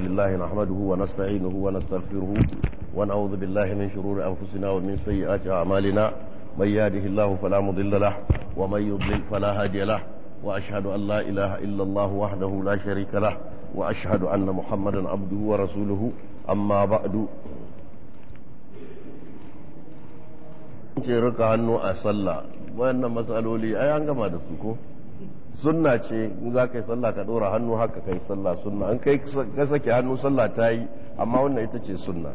لله نحمده ونستعينه ونستغفره ونعوذ بالله من شرور أنفسنا ومن سيئات أعمالنا من يهده الله فلا مضل له ومن يضلل فلا هادي له وأشهد أن لا إله إلا الله وحده لا شريك له وأشهد أن محمدا عبده ورسوله أما بعد rika hannu a sallah wayannan matsaloli ai an gama da su ko sunna ce in za ka yi sallah ka ɗora hannu haka ka yi sallah sunna an kai ka sake hannu sallah ta yi amma wannan ita ce sunna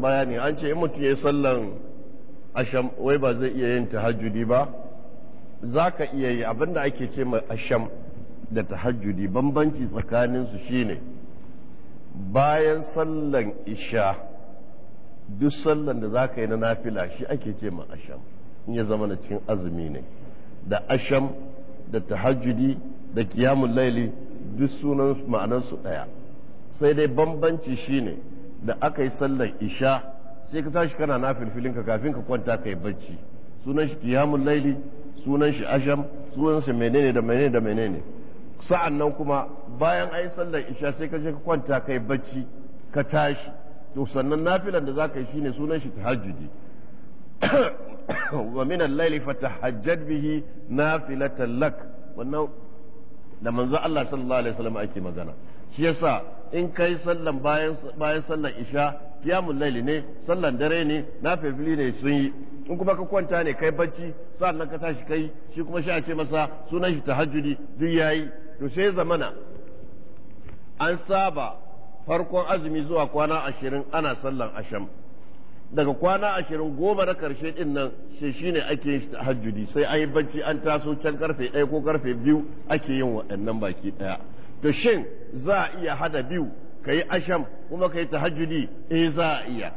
bayani an ce in mutum ya yi sallan asham wai ba zai iya yin tahajjudi ba za ka iya yi abinda ake ce mai asham da tahajjudi bambanci tsakaninsu shine bayan sallan isha duk sallan da za ka yi na nafila shi ake ce ma asham in ya zama na cikin azumi ne da asham da tahajjudi da kiyamun laili duk sunan ma'anarsu ɗaya sai dai bambanci shi ne da aka yi sallar isha sai ka tashi kana nafilfilinka ka kafin ka kwanta ka yi bacci sunan shi kiyamun laili sunan shi asham sunan shi menene da menene da menene sa'an nan kuma bayan yi sallar isha sai ka je ka kwanta ka yi bacci ka tashi to sannan nafilan da zaka yi shine sunan shi tahajjudi wa min al-layli fatahajjad bihi nafilatan lak wannan da manzo Allah sallallahu alaihi wasallam ake magana shi yasa in kai sallan bayan bayan sallan isha qiyamul laili ne sallan dare ne nafilfili ne sun yi in kuma ka kwanta ne kai bacci sannan ka tashi kai shi kuma shi a ce masa sunan shi tahajjudi duk yayi to sai zamana an saba farkon azumi zuwa kwana ashirin ana sallan asham daga kwana ashirin goma na karshe din nan sai shine ake yin tahajjudi sai yi bacci an taso can karfe ɗaya ko karfe biyu ake yin waɗannan baki ɗaya to shin za a iya hada biyu ka yi asham kuma ka yi tahajjudi eh za a iya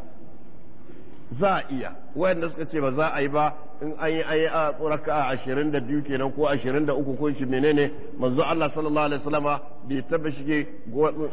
za a iya wayanda suka ce ba za a yi ba in an yi ayi a a ashirin da biyu kenan ko ashirin da uku ko shi menene manzo Allah sallallahu alaihi wasallama bai taba shige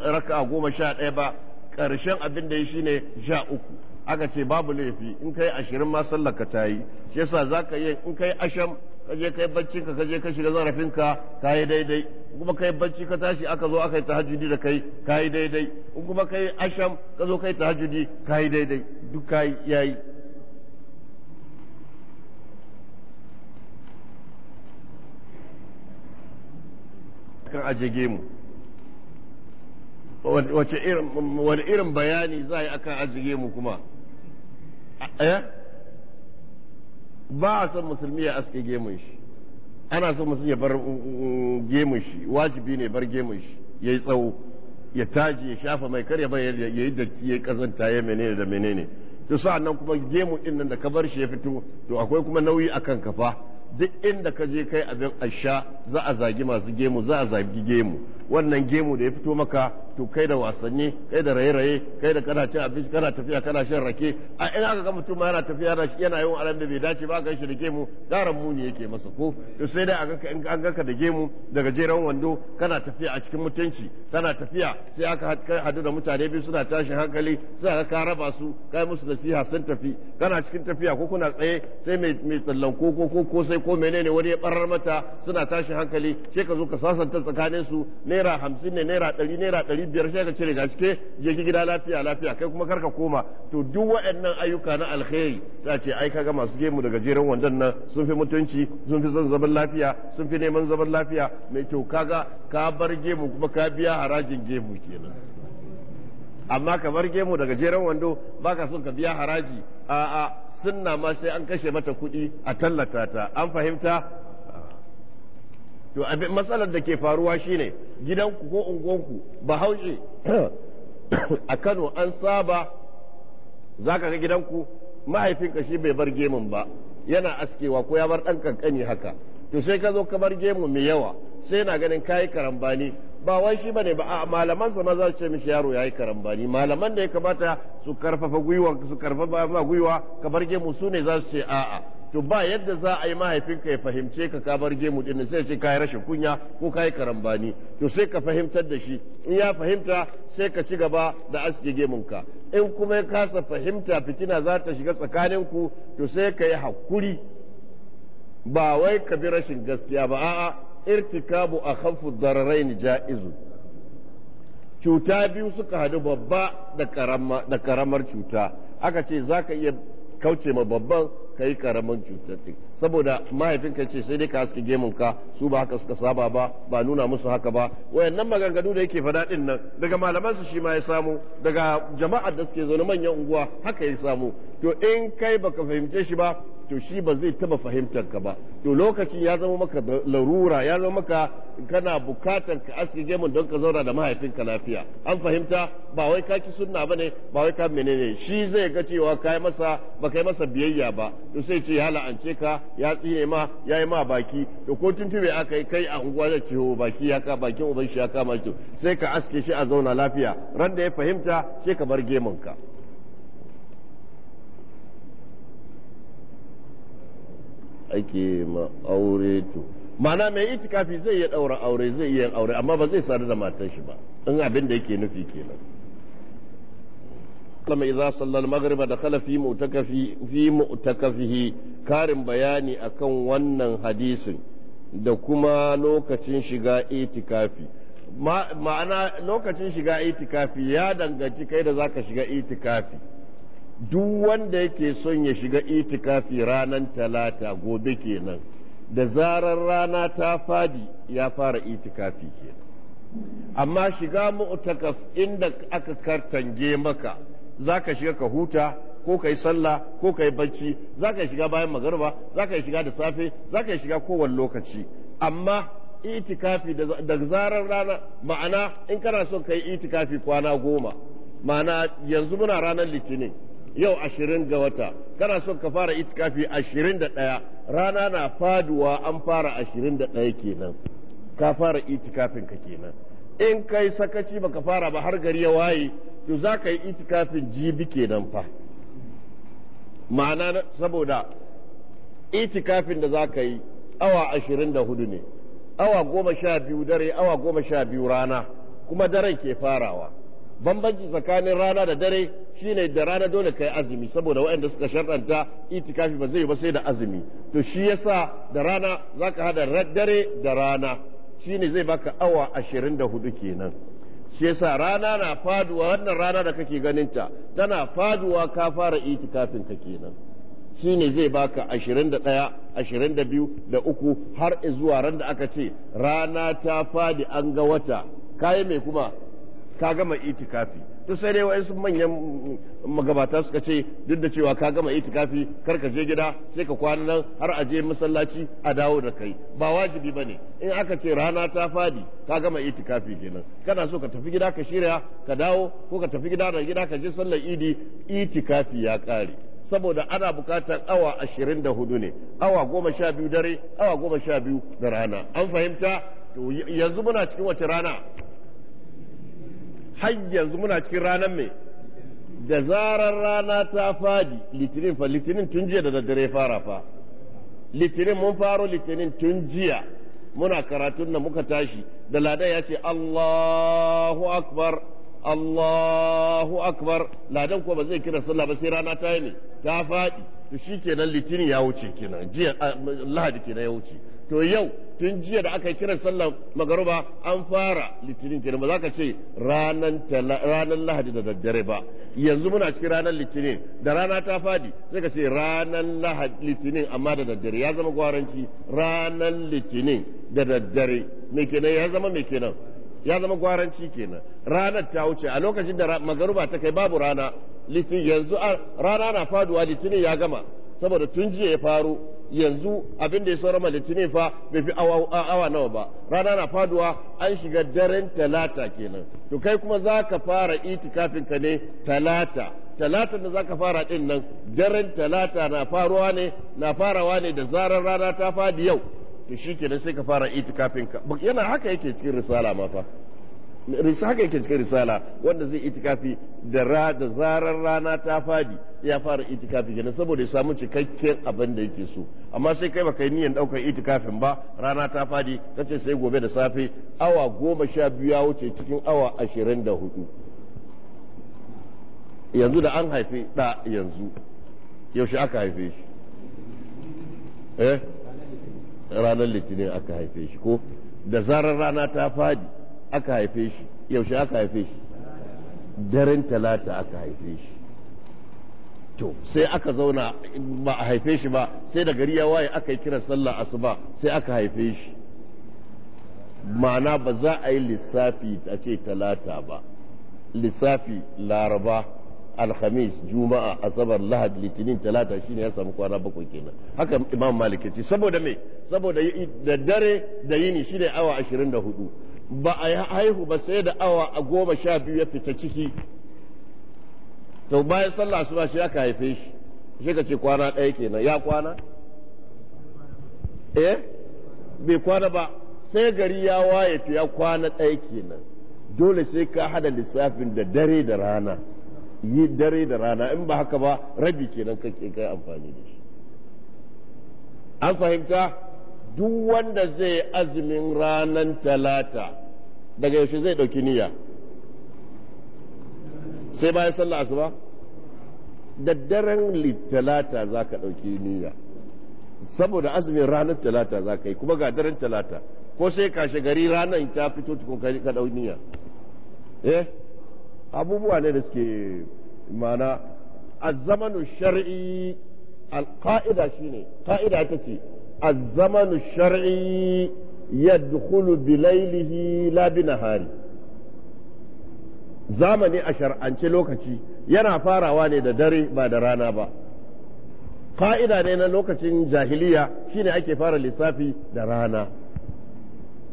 raka'a goma sha ɗaya ba Karshen abin da ya shine sha uku aka ce babu laifi in kai ashirin ma sallar ka tayi shi yasa zaka yi in kai asham ka je kai bacci ka kaje ka shiga zarafin ka yi daidai kuma kai bacci ka tashi aka zo aka yi tahajjudi da kai yi daidai in kuma kai asham ka zo kai tahajjudi kayi daidai duk kayi yayi kan aje gemu wace irin wani irin bayani za a yi akan aje gemu kuma eh ba a son musulmi ya aske gemun shi ana son musulmi ya bar uh, uh, gemun shi wajibi ne bar gemun shi yayi tsawo ya taje ya shafa mai ya bai yayi datti ya kazanta ya menene da menene to sa'an nan kuma gemu din nan da ka bar shi ya fito to akwai kuma nauyi akan kafa duk inda ka je kai abin asha za a zagi masu gemu za a zagi gemu wannan gemu da ya fito maka to kai da wasanni kai da raye-raye kai da kana cin abinci kana tafiya kana shan rake a ina ga mutum yana tafiya yana yana yawan aran da bai dace ba kai shi da gemu daren muni yake masa ko to sai dai aka in an ganka ka da gemu daga jeran wando kana tafiya a cikin mutunci kana tafiya sai aka hadu da mutane biyu suna tashin hankali sai ka raba su kai musu nasiha sun tafi kana cikin tafiya ko kuna tsaye sai mai mai tsallan ko ko ko sai ko menene wani ya barar mata suna tashin hankali sai ka zo ka sasanta tsakanin su naira hamsin ne naira 100 naira biyar sai ka cire ga cike je ki gida lafiya lafiya kai kuma karka koma to duk waɗannan ayyuka na alkhairi ta ce ai kaga masu gemu daga jerin wandan nan sun fi mutunci sun fi son zaman lafiya sun fi neman zaman lafiya mai to kaga ka bar gemu kuma ka biya harajin gemu kenan amma ka bar gemu daga jerin wando baka son ka biya haraji a'a sunna ma sai an kashe mata kuɗi a tallata ta an fahimta to abin matsalar da ke faruwa shine gidanku ko unguwanku ba haushe a Kano an saba za ka ga gidanku mahaifinka shi bai bar gemun ba yana askewa ko ya bar ɗan kankani haka to sai ka zo ka bar gemu mai yawa sai na ganin kayi karambani ba wai shi bane ba a malaman sa maza ce mishi yaro yayi karambani malaman da ya kamata su karfafa gwiwa su karfafa gwiwa ka bar gemu su ne za su ce a'a to ba yadda za a yi mahaifinka ya fahimce ka ka bar gemu din sai ce kai rashin kunya ko kai karambani to sai ka fahimtar da shi in ya fahimta sai ka ci gaba da aske gemunka in kuma ya kasa fahimta fitina za ta shiga tsakaninku to sai ka yi hakuri ba wai ka bi rashin gaskiya ba a'a irtikabu a akhaffu dararain ja'izu cuta biyu suka hadu babba da karamar cuta aka ce zaka iya kauce ma babban ka yi karamin cutar ɗin saboda mahaifinka ce sai dai ka haske ka su ba haka suka saba ba ba nuna musu haka ba wayannan maganganu da yake faɗa ɗin nan daga malamansu shi ma ya samu daga jama'ar da suke zaune manyan unguwa haka ya samu to in kai baka fahimce shi ba to shi ba zai taba fahimtar ka ba to lokaci ya zama maka larura ya zama maka kana bukatar ka aske gemun don ka zauna da mahaifinka lafiya an fahimta ba wai ka ki sunna bane ba wai ka menene shi zai ga cewa kai masa ba kai masa biyayya ba to sai ce ya la'ance ka ya tsine ma ya yi ma baki to ko tube aka yi kai a unguwa da ciho oh, baki ya ka bakin uban shi ya kama ki sai ka aske shi a zauna lafiya ran da ya fahimta sai ka bar gemun ka ake ma aure to mana mai itikafi zai iya ɗaura aure zai iya aure amma ba zai sadu da matar shi ba in abin da yake nufi kenan kuma idza salla al-maghrib da kala fi mu'takafi fi mu'takafihi karin bayani akan wannan hadisin da kuma lokacin shiga itikafi ma'ana lokacin shiga itikafi ya danganci kai da zaka shiga itikafi duk wanda yake son ya shiga itikafi ranar talata gobe kenan da zarar rana ta fadi ya fara itikafi ke amma shiga mu'takaf inda aka kartange maka zaka shiga ka huta ko ka yi sallah ko ka yi bacci za shiga bayan magarba za shiga da safe za shiga kowane lokaci amma itikafi da zarar rana ma'ana in kana son ka itikafi kwana goma ma'ana yanzu muna ranar litinin yau ashirin ga wata kana so ka fara itikafi ashirin da ɗaya rana na faduwa an fara ashirin da ɗaya kenan ka fara itikafin ka kenan in kai sakaci baka fara ba har gari ya waye to za ka yi itikafin jibi kenan fa ma'ana saboda itikafin da za ka yi awa ashirin da hudu ne awa goma sha biyu dare awa goma sha biyu rana kuma daren ke farawa bambanci tsakanin rana da dare shine da rana dole kai azumi saboda waɗanda suka sharɗanta itikafi ba zai ba sai da azumi to shi yasa da rana zaka hada dare da rana shine zai baka awa ashirin da hudu kenan shi yasa rana na faduwa wannan rana da kake ganinta tana faduwa ka fara itikafin ka kenan shine zai baka ashirin da ɗaya ashirin da biyu da uku har zuwa ran da aka ce rana ta fadi an ga wata kayi mai kuma ka gama itikafi to sai dai wayansu manyan magabata suka ce duk da cewa ka gama itikafi kar ka je gida sai ka kwana nan har a je masallaci a dawo da kai ba wajibi ba ne in aka ce rana ta fadi ka gama itikafi kenan kana so ka tafi gida ka shirya ka dawo ko ka tafi gida da gida ka je sallar idi itikafi ya kare saboda ana bukatar awa ashirin da hudu ne awa goma sha biyu dare awa goma sha biyu da rana an fahimta yanzu muna cikin wace rana har yanzu muna cikin ranar mai da zarar rana ta fadi litinin fa litinin tun jiya da daddare fara fa litinin mun faro litinin tun jiya muna karatun da muka tashi da lada ya ce Allahu akbar Allahu akbar ladan ko ba zai kira sallah ba sai rana ta yi ne ta faɗi to shi kenan litinin ya wuce kenan jiya ah, lahadi kenan ya wuce to yau tun jiya da aka yi kiran sallar magaruba an fara litinin kenan ba za ka ce ranar lahadi da daddare ba yanzu muna cikin ranar litinin da rana ta fadi sai ka ce ranar lahadi litinin amma da daddare ya zama gwaranci ranar litinin da daddare me kenan ya zama me kenan ya zama gwaranci kenan ranar ta wuce a lokacin da magaruba ta kai babu rana litinin yanzu rana na faduwa litinin ya gama saboda tun jiya ya faru yanzu abin da ya saurama litinin fa bai fi awa nawa ba rana na faduwa an shiga daren talata kenan to kai kuma za ka fara itikafin ka ne talata talata da za ka fara din nan daren talata na faruwa ne na farawa ne da zarar rana ta fadi yau to shi kenan sai ka fara itikafin ka yana haka yake cikin risala ma fa risa haka yake cikin risala wanda zai itikafi da ra da zarar rana ta fadi ya fara itikafi kenan saboda ya samu cikakken abin da yake so amma sai kai baka yi niyyar daukar itikafin ba rana ta fadi ce sai gobe da safe awa goma sha biyu ya wuce cikin awa ashirin da hudu yanzu da an haife da yanzu yaushe aka haife shi eh ranar litinin aka haife shi ko da zarar rana ta fadi aka haife shi yaushe aka haife shi daren talata aka haife shi to sai aka zauna ba a haife shi ba sai da gari ya waye aka yi kiran sallah asuba sai aka haife shi ma'ana ba za a yi lissafi a ce talata ba lissafi laraba alhamis juma'a asabar lahad litinin talata shine ya samu kwana bakwai kenan haka imam malik ce saboda me saboda da dare da yini shine awa 24 ba a haihu ba sai da awa a goma sha biyu ya fita ciki to bayan sallah ba shi aka haife shi shi ka ce kwana ɗaya kenan ya kwana eh bai kwana ba sai gari ya waye to ya kwana ɗaya kenan dole sai ka hada lissafin da dare da rana yi dare da rana in ba haka ba rabi kenan kake kai amfani da shi an fahimta duk wanda zai azumin ranar talata daga yaushe zai ɗauki niyya sai bayan sallah asuba da daren talata za ka ɗauki niyya saboda azumin ranar talata za ka yi kuma ga daren talata ko sai kashe gari ranar ta fito tukun ka ɗau niyya eh abubuwa ne da suke mana shari'i shar'i alƙa'ida shine ƙa'ida ta ce zamanu shar'i yadkhulu bilailihi la binahari zamani a shar'ance lokaci yana farawa ne da dare ba da rana ba fa'ida ne na lokacin jahiliya shine ake fara lissafi da rana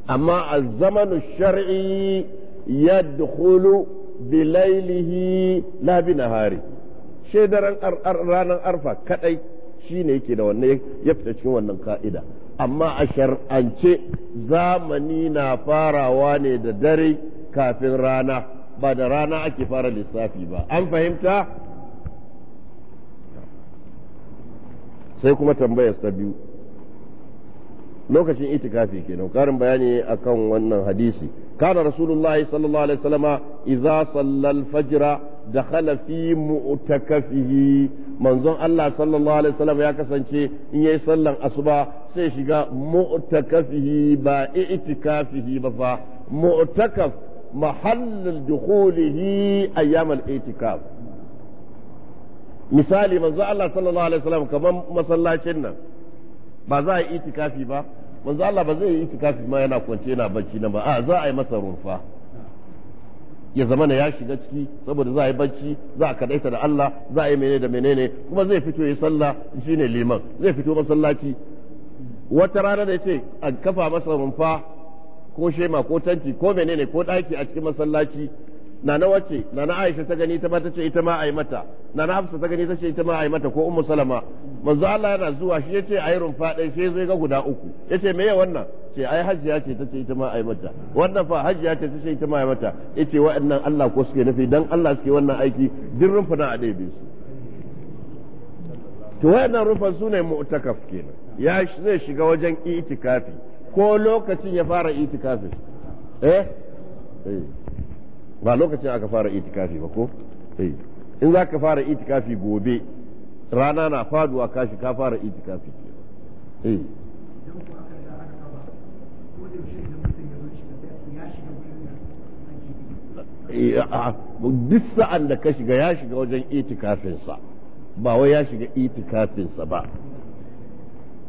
amma a zamanu shar'i yadkhulu bilailihi la binahari shedaran ranar arfa kadai shine yake da wannan ya cikin wannan ka'ida amma a shar'ance zamani na farawa ne da dare kafin rana ba da rana ake fara lissafi ba an fahimta sai kuma tambayar ta biyu lokacin itikafi kenan karin bayani akan wannan hadisi kana rasulullahi sallallahu alaihi wasallama idza sallal fajra da fi mu'takafihi manzon Allah sallallahu alaihi wasallam ya kasance in yayi sallan asuba sai shiga mu'takafihi ba itikafi ba fa mu'takaf mahallul dukhulihi ayyam al-i'tikaf misali manzon Allah sallallahu alaihi wasallam kaman masallacin nan ba za a itikafi ba manzo Allah ba zai yi itikafi ma yana kwance yana bacci na ba a za a yi masa rumfa ya zama na ya shiga ciki saboda za a yi bacci za a kadaita da Allah za a yi menene da menene kuma zai fito ya sallah shine liman zai fito masallaci wata rana da ce a kafa masa rumfa ko shema ko tanti ko menene ko daki a cikin masallaci nana wace nana Aisha ta gani ta ma ta ce ita ma yi mata nana Hafsa ta gani ta ce ita ma yi mata ko Ummu Salama manzo Allah yana zuwa shi yace yi rumfa ɗaya sai zai ga guda uku yace ya wannan ce ai hajjiya ce ta ce ita ma ai mata wannan fa hajjiya ce ta ce ita ma ai mata yace wa'annan Allah ko suke nufi dan Allah suke wannan aiki din na a ɗaya su to wa'annan rufa su ne mu'takaf kenan ya zai shiga wajen itikafi ko lokacin ya fara itikafi eh? eh ba lokacin aka fara itikafi ba ko eh in za ka fara itikafi gobe rana na faduwa kashi ka fara itikafi eh Eh, duk sa'an da ka shiga ya shiga wajen itikafinsa ba wai ya shiga itikafinsa ba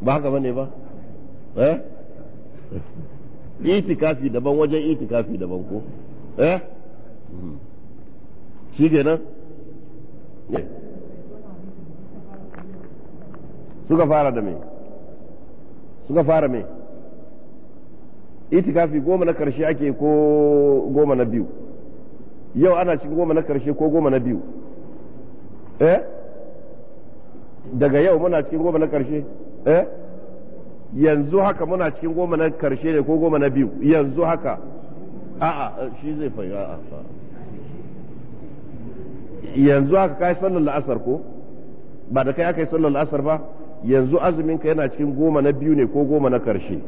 ba haka bane ba eh itikafi daban wajen itikafi daban ko eh hmm. shi kenan eh. suka fara da me suka fara me itikafi goma na karshe ake ko goma na biyu yau ana cikin goma na karshe ko goma na biyu eh daga yau muna cikin goma na karshe eh yanzu haka muna cikin goma na karshe ne ko goma na biyu yanzu haka a'a shi zai fayi a'a yanzu haka kai sallar la'asar ko ba da kai aka yi sallar la'asar ba yanzu azumin ka yana cikin goma na biyu ne ko goma na karshe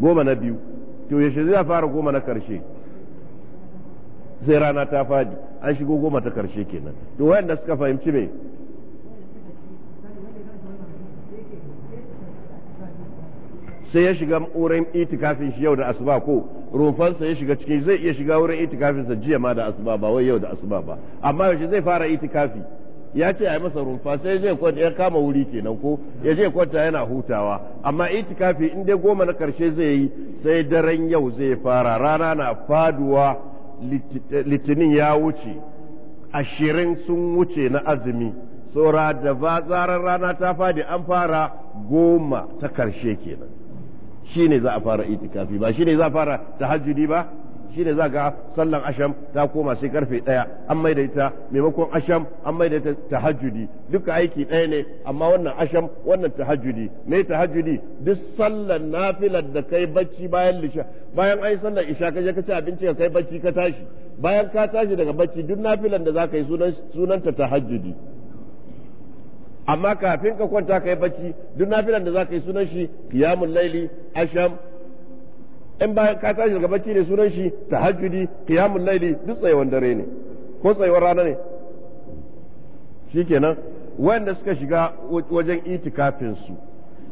goma na biyu to yaushe zai fara goma na karshe sai rana ta fadi an shigo goma ta karshe kenan to wayanda suka fahimci me sai ya shiga wurin itikafin shi yau da asuba ko rumfansa ya shiga ciki zai iya shiga wurin itikafinsa jiya ma da asuba ba wai yau da asuba ba amma yaushe zai fara itikafi ya ce a yi masa rumfa sai zai kwanta ya kama wuri kenan ko ya je kwanta yana hutawa amma itikafi in dai goma na karshe zai yi sai daren yau zai fara rana na faduwa litinin ya wuce ashirin sun wuce na azumi saura da zarar rana ta fadi an fara goma ta karshe kenan shi ne za a fara itikafi ba shi ne za a fara tahajjudi ba Shi ne za ga sallan asham ta koma sai karfe ɗaya an maida ita maimakon asham an maida ita tahajjudi duka aiki ɗaya ne amma wannan asham wannan tahajjudi me tahajjudi duk sallan nafilar da kai bacci bayan lisha bayan ai sallar isha ka je ka ci abinci ka kai bacci ka tashi bayan ka tashi daga bacci duk nafilan da za ka yi sunanta tahajjudi amma kafin ka kwanta ka yi bacci duk nafilan da za ka yi sunan shi qiyamul laili asham in bayan ka tashi daga bacci ne sunan shi tahajjudi qiyamul laili duk tsayawan dare ne ko tsayuwar rana ne shikenan wanda suka shiga wajen itikafin su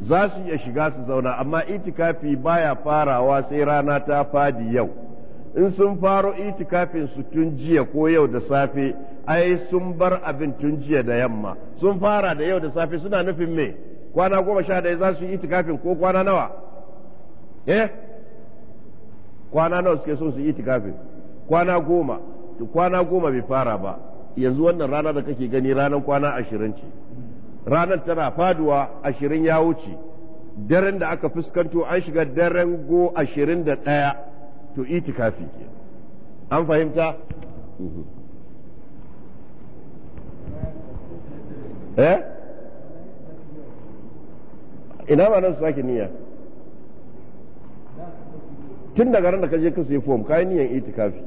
za su iya shiga su zauna amma itikafi baya farawa sai rana ta fadi yau in sun faro itikafin su tun jiya ko yau da safe ai sun bar abin tun jiya da yamma sun fara da yau da safe suna nufin me kwana goma sha ɗaya za su yi itikafin ko kwana nawa eh kwana nawa suke son su yi itikafin kwana goma to kwana goma bai fara ba yanzu wannan rana da kake gani ranar kwana ashirin ce ranar tana faduwa ashirin ya wuce daren da aka fuskanto an shiga daren go ashirin da ɗaya to itikafi ke an fahimta eh ina ma nan su sake niyya tun daga ran da ka je ka sayi form kayan niyan itikafi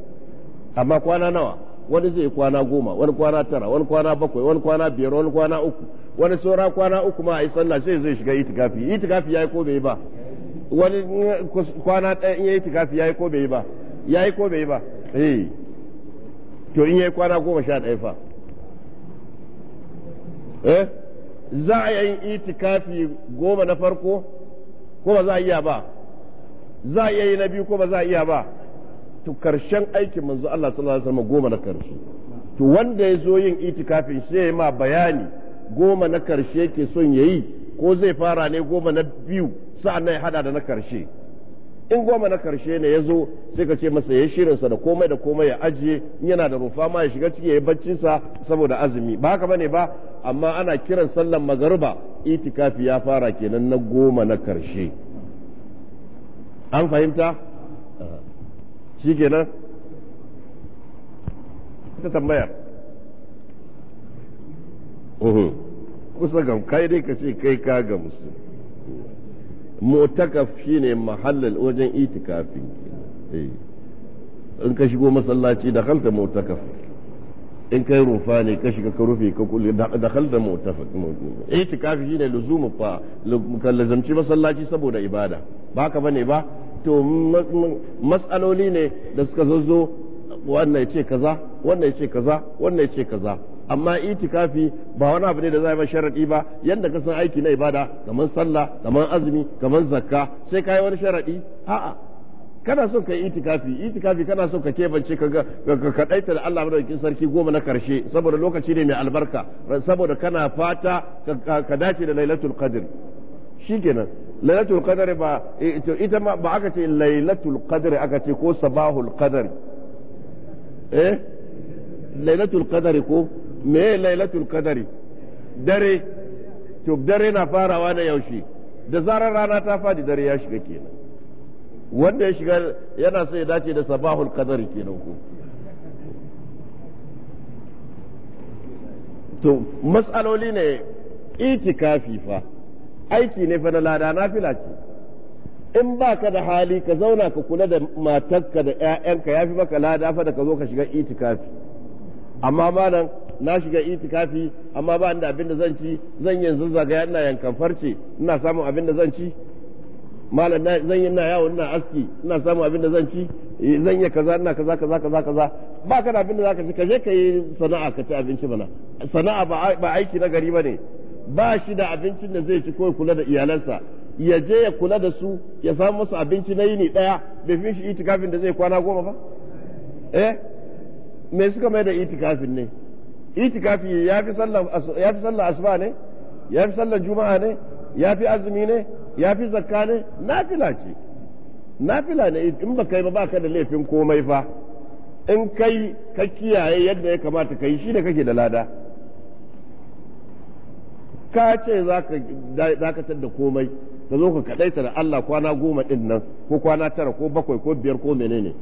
amma kwana nawa wani zai kwana goma wani kwana tara wani kwana bakwai wani kwana biyar wani kwana uku wani saura kwana uku ma a yi sallah sai zai shiga itikafi itikafi ya yi ko bai ba wani kwana ɗaya in yayi itikafi ya yi ko bai ba ya yi ko bai ba eh to in yayi yi kwana goma sha ɗaya fa eh za a yi itikafi goma na farko ko ba za a iya ba za a iya yi na biyu ko ba za a iya ba to karshen aikin manzo Allah sallallahu alaihi wasallam goma na karshe to wanda ya zo yin itikafin shi ya ma bayani goma na karshe yake son yayi ko zai fara ne goma na biyu sa'annan ya hada da na karshe in goma na karshe ne ya zo sai ka ce masa ya shirinsa da komai da komai ya ajiye in yana da rufa ma ya shiga ciki ya yi sa saboda azumi ba haka bane ba amma ana kiran sallan magariba itikafi ya fara kenan na goma na karshe an fahimta shi kenan ta tambayar kusa ga kai dai ka ce kai ka motaka shi ne mahallal wajen itikafi eh. in ka shigo masallaci da halta motaka in kai rufa ne ka shiga ka rufe ka kulle da halta motaka itikafi ne luzumu fa ka lazamci masallaci saboda ibada ba ka bane ba to matsaloli ne da suka zozo wannan ya ce kaza wannan ya ce kaza wannan ya ce kaza amma itikafi ba wani abu ne da zai ba sharaɗi ba yanda ka san aiki na ibada kamar sallah kamar azumi kamar zakka sai kai wani sharaɗi. a'a kana son ka yi itikafi itikafi kana son ka kebance ka ka kadaita da Allah madaukakin sarki goma na karshe saboda lokaci ne mai albarka saboda kana fata ka dace da lailatul qadr shikenan lailatul qadr ba eh, ita ma ba aka ce lailatul qadr aka ce ko sabahul qadr eh lailatul qadr ko me lailatul qadr dare to dare na farawa da yaushe da zarar rana ta fadi dare ya shiga kenan wanda ya shiga yana so ya dace da sabahul qadr kenan ko to mas'aloli ne itikafi fa aiki ne fa na lada na fila ce in ba ka da hali ka zauna ka kula da matarka da ƴaƴanka fi maka lada fa da ka zo ka shiga itikafi amma malam na shiga itikafi amma ba da abin da zan ci zan yanzu zagaya ina yankan farce ina samun abin da zan ci malam zan yi ina yawo ina aski ina samun abin da zan ci eh, zan yi kaza ina kaza kaza kaza kaza ba ka da abin da zaka ci ka je ka yi sana'a ka ci abinci mana sana'a ba aiki na gari ne. ba shi da abincin da zai ci ko kula da iyalansa ya je ya kula da su ya samu musu abinci na yini daya bai fi shi itikafin da zai kwana goma ba eh me suka mai da itikafin ne itikafi ya fi sallar asuba ne ya fi sallar juma'a ne ya fi azumi ne ya fi zakka ne nafila ce nafila ne in ba kai ba ba ka da laifin komai fa in kai ka kiyaye yadda ya kamata ka yi shi da kake da lada ka ce za ka da komai ka zo ka kaɗaita da Allah kwana goma ɗin nan ko kwana tara ko bakwai ko biyar ko menene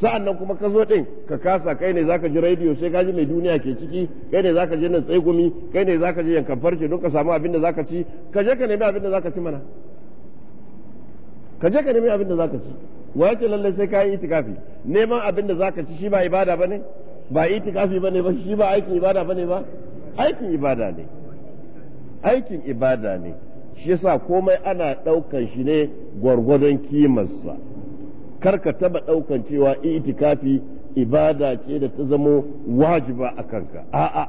sa'an nan kuma ka zo ɗin ka kasa kai ne za ka ji rediyo sai ka ji mai duniya ke ciki kai ne za ka je nan gumi kai ne za ka ji yankan farce don ka samu abin da ka ci ka je ka nemi abin da ka ci mana ka je ka nemi abin da ka ci wa yake lallai sai ka yi itikafi neman abin da ka ci shi ba ibada bane ba itikafi bane ba shi ba aikin ibada bane ba aikin ibada ne aikin ibada ne shi yasa komai ana ɗaukan shi ne gwargwadon kimarsa karka taba ɗaukan cewa itikafi ibada ce da ta zamo wajiba a kanka a'a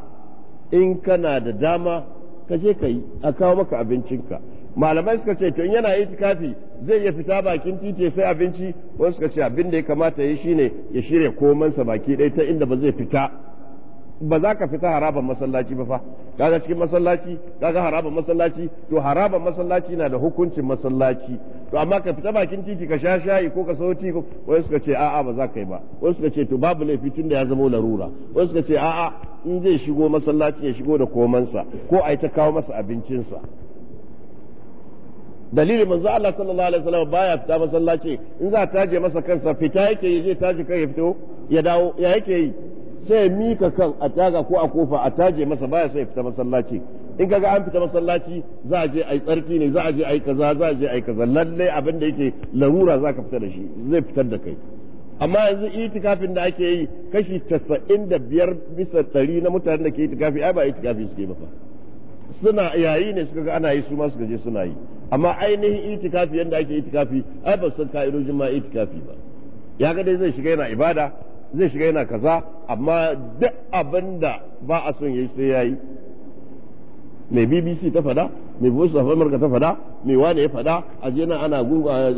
in kana da dama ka je ka yi a kawo maka abincinka malamai suka ce to in yana itikafi zai iya fita bakin titi sai abinci wasu suka ce abin da ya kamata ya shine ya shirya komansa baki ɗaya ta inda ba zai fita ba za ka fita haraban masallaci ba fa kaga cikin masallaci kaga haraban masallaci to haraban masallaci na da hukuncin masallaci to amma ka fita bakin titi ka sha shayi ko ka sayo ko wai suka ce a'a ba za ka yi ba wai suka ce to babu laifi tunda ya zama larura wai suka ce a'a in zai shigo masallaci ya shigo da komansa ko a yi ta kawo masa abincinsa dalilin manzo Allah sallallahu alaihi wasallam baya fita masallaci in za ta taje masa kansa fita yake yaje je taje kai ya fito ya dawo ya yake yi sai mika kan a taga ko a kofa a taje masa baya sai ya fita masallaci in kaga an fita masallaci za a je ai tsarki ne za a je ai kaza za a je ai kaza lalle abin da yake larura za ka fita da shi zai fitar da kai amma yanzu itikafin da ake yi kashi casa'in da biyar bisa ɗari na mutanen da ke itikafi ai ba itikafi suke ba suna yayi ne suka ga ana yi su ma suka je suna yi amma ainihin itikafi yanda ake itikafi ai ba san ka'idojin ma itikafi ba ya ga dai zai shiga yana ibada zai shiga yana kaza amma duk abin da ba a son yayi sai yayi mai bbc ta fada mai voice of america ta fada mai wane ya fada a je ana ana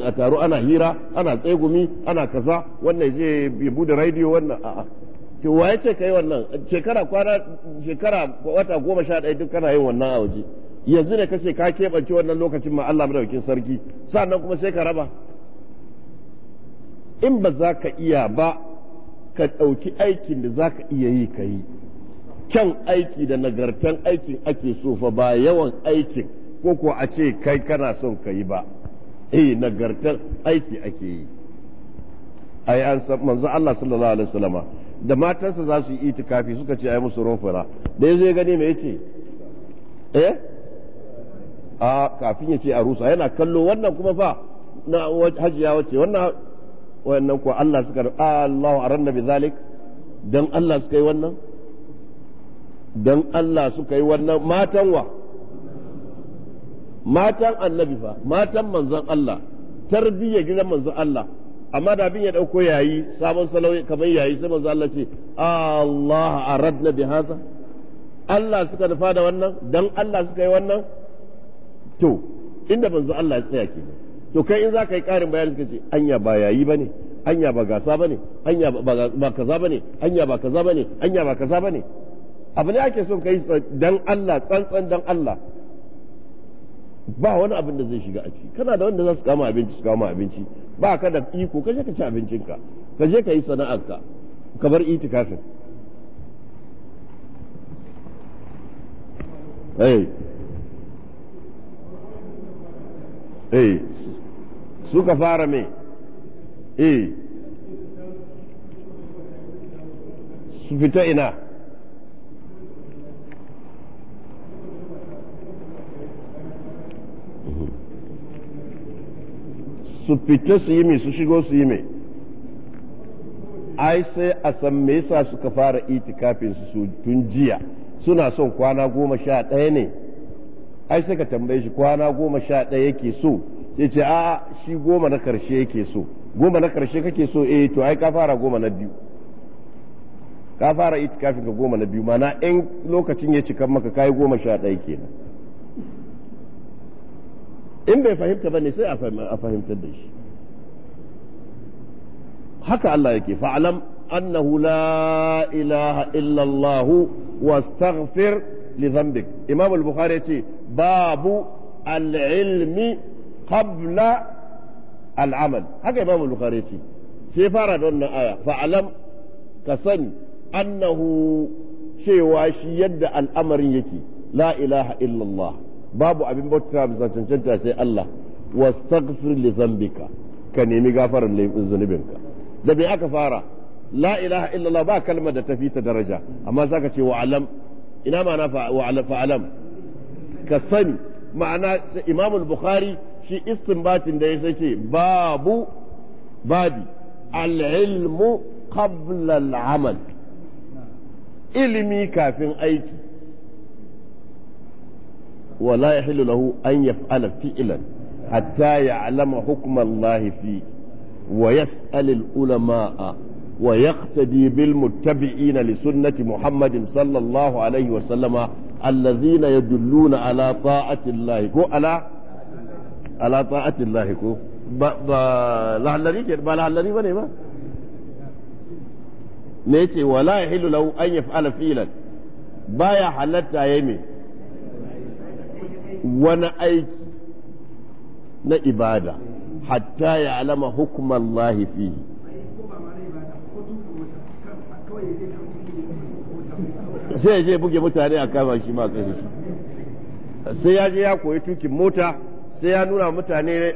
a taro ana hira ana tsegumi ana kaza wannan je ya bude radio wannan a'a wa ya ce kai wannan shekara kwana shekara wata goma sha ɗaya duk kana yin wannan a waje yanzu ne kace ka keɓance wannan lokacin ma Allah madaukin sarki sannan kuma sai ka raba in ba za ka iya ba ka ɗauki aikin da za ka iya yi ka yi kyan aiki da nagartan aikin ake so fa ba yawan aikin ko ko a ce kai kana son ka yi ba eh nagartan aiki ake yi ai an san manzo Allah sallallahu alaihi wasallama da matansa za su yi itikafi suka ce ai musu rumfura da yazo ya gani me yace eh a kafin ya ce a rusa yana kallo wannan kuma fa na hajiya wace wannan wayannan ko Allah suka ah, Allahu aranna bi zalik dan Allah suka yi wannan dan Allah suka yi wannan matan wa matan annabi fa matan manzon Allah tarbiyya gidan manzon Allah amma da abin ya dauko yayi sabon salo kamar yayi sai manzon Allah ce Allah aradna bi hadha Allah suka nufa da wannan dan Allah suka yi wannan to inda manzon Allah ya tsaya kenan to kai in za ka yi ƙarin bayanin suka ce anya ba yayi ba ne anya ba gasa ba ne anya ba kaza ba ne anya ba kaza ba ne anya ba kaza ba ne abu ne ake son ka yi dan Allah tsantsan dan Allah ba wani abin da zai shiga a ciki kana da wanda za su kama abinci su kama abinci ba ka da iko ka je ka ci abincinka ka je ka yi sana'arka ka bar itikafin eh eh suka fara me eh su fita ina su fita su yi me su shigo su yi me ai sai a san me yasa suka fara itikafin su tun jiya suna son kwana goma sha ɗaya ne ai sai ka tambaye shi kwana goma sha ɗaya yake so ya ce a shi goma na karshe yake so goma na karshe kake so eh to ai ka fara goma na biyu ka fara itikafin ka goma na biyu mana in lokacin ya cika maka kayi goma sha ɗaya kenan in bai fahimta ba ne sai a fahimtar da shi haka Allah yake fa'alam annahu la ilaha illallah wastaghfir li dhanbik imam al-bukhari yace babu al-ilmi habla al'amal haka imamu bukhari ce sai fara da wannan aya fa'alam ka annahu cewa shi yadda al'amarin yake la ilaha illallah babu abin bauta bisa cancanta sai Allah wastaghfir li zambika ka nemi gafarar zunubinka da bai aka fara la ilaha illallah ba kalma da tafi ta daraja amma zaka ce wa alam ina ma'ana imamul bukhari shi istinbatin da ya sake babu babi al’ilmu qablal amal ilimi kafin aiki wala ya lahu an yaf'ala fi'lan hatta ya'lama hukmallahi fi wa yas'alil ulama'a wa yaqtadi bil muttabi'in li sunnati muhammadin sallallahu alaihi wa sallama alladhina yadulluna ala ta'ati ko ala ala lahi ko ba lahallari ke ba lahallari bane ba ne ce wala yahillu lahu an yaf'ala filan baya halatta yayi me wani aiki na ibada hatta ya alama hukuma lahi fihi sai ya je buge mutane a kama shi ma kashe sai ya je ya koyi tukin mota sai ya nuna mutane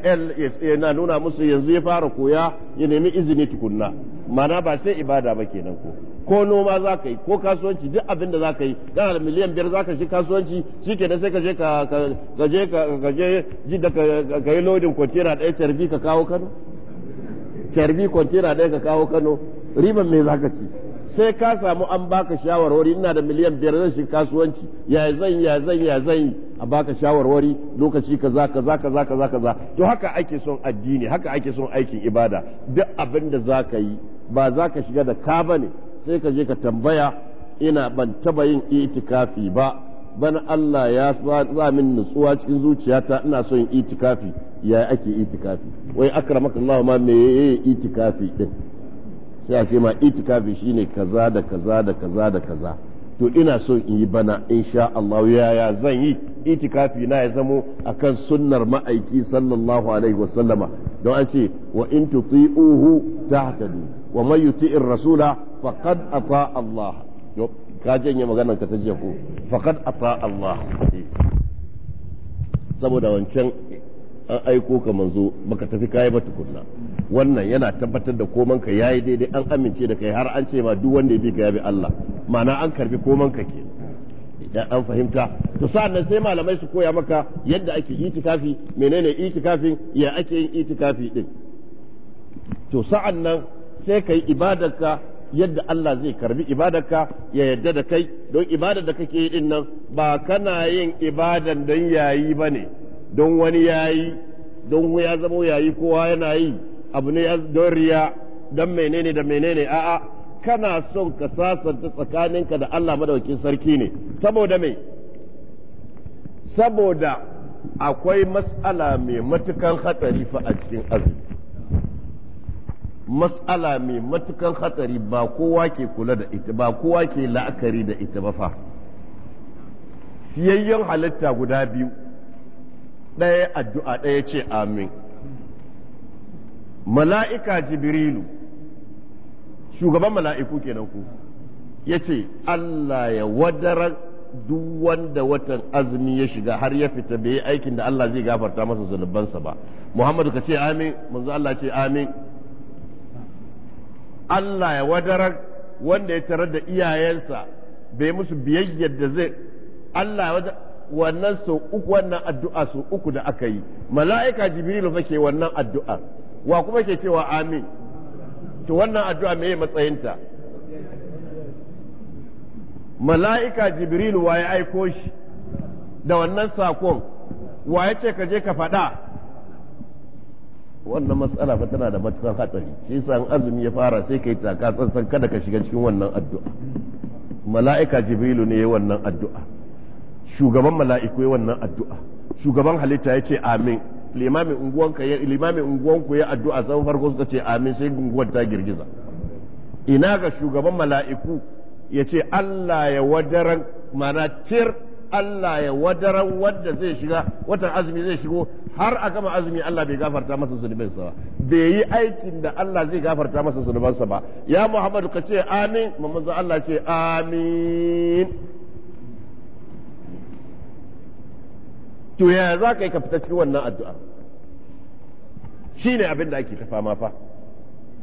na nuna musu yanzu ya fara koya ya nemi izini tukunna mana ba sai ibada ba kenan ko ko noma za ka yi ko kasuwanci duk abin da za ka yi kana da miliyan biyar za ka shi kasuwanci shi ke da sai ka je ka je ka je ji da ka yi lodin kwantena ɗaya carbi ka kawo kano carbi kwantena ɗaya ka kawo kano riban me za ka ci sai ka samu an baka shawarwari ina da miliyan biyar zan shiga kasuwanci ya zan ya zan ya zan a baka shawarwari lokaci kaza kaza kaza kaza kaza to haka ake son addini haka ake son aikin ibada duk abin da za ka yi ba za ka shiga da ka bane sai ka je ka tambaya ina ban taba yin itikafi ba bana Allah ya sa min nutsuwa cikin zuciyata ina son yin itikafi ya ake itikafi wai Allah ma me itikafi din sai a ce ma itikafi shine kaza da kaza da kaza da kaza to ina son in yi bana insha Allah yaya zan yi itikafi na ya zamo a kan sunnar ma'aiki sallallahu alaihi wasallama don an ce wa in tuti'uhu tahtadu wa man yuti'ir rasula faqad ata Allah ka janye magana ka ta jefu fakad faqad ata Allah eh. saboda wancan an aiko ka manzo baka tafi kai ba tukunna wannan yana tabbatar da koman ka yayi daidai an amince da kai har an ce ma duk wanda ya bi ka ya bi Allah ma'ana an karbi koman ka da an fahimta to nan sai malamai su koya maka yadda ake itikafi menene itikafin ya ake yin itikafi din to sa'an nan sai kai ibadarka yadda Allah zai karbi ibadarka ya yadda da kai don ibadar da kake yi din nan ba kana yin ibadan don yayi bane don wani yayi don ya zamo yayi kowa yana yi abu ne don riya don menene da menene a'a kana son ka sasanta tsakaninka da Allah madaukin sarki ne saboda me saboda akwai matsala mai matukan hatsari fa a cikin azumi matsala mai matukan hatsari ba kowa ke kula da ita ba kowa ke la'akari da ita ba fa fiyayyen halitta guda biyu ɗaya addu'a ɗaya ce amin mala'ika jibrilu shugaban mala'iku kenan ku ya ce Allah ya wadarar duk wanda watan azumi ya shiga har ya fita bai aikin da Allah zai gafarta masa zunubansa ba Muhammadu ka ce amin manzo Allah ce amin Allah ya wadarar wanda ya tarar da iyayensa bai musu biyayyar da zai Allah ya wannan sau uku wannan addu'a sau uku da aka yi mala'ika jibrilu fa ke wannan addu'a wa kuma ke cewa amin to wannan addu'a me matsayinta mala'ika jibril wa aiko shi da wannan sakon wa ya ce ka je ka faɗa wannan matsala fa tana da matuƙar hatsari shi san azumi ya fara sai kai taka tsantsan kada ka shiga cikin wannan addu'a mala'ika jibrilu ne ya wannan addu'a shugaban mala'iku ya wannan addu'a shugaban halitta ya ce amin limamin unguwanka ya limamin unguwanku ya addu'a san farko suka ce amin sai unguwar ta girgiza ina ga shugaban mala'iku ya ce Allah ya wadaran mana tir Allah ya wadaran wanda zai shiga watan azumi zai shigo har a gama azumi Allah bai gafarta masa sa ba bai yi aikin da Allah zai gafarta masa sa ba ya Muhammadu ka ce amin manzo Allah ce amin to yaya za ka yi ka fita cikin wannan addu'a shi ne abin da ake ta fama fa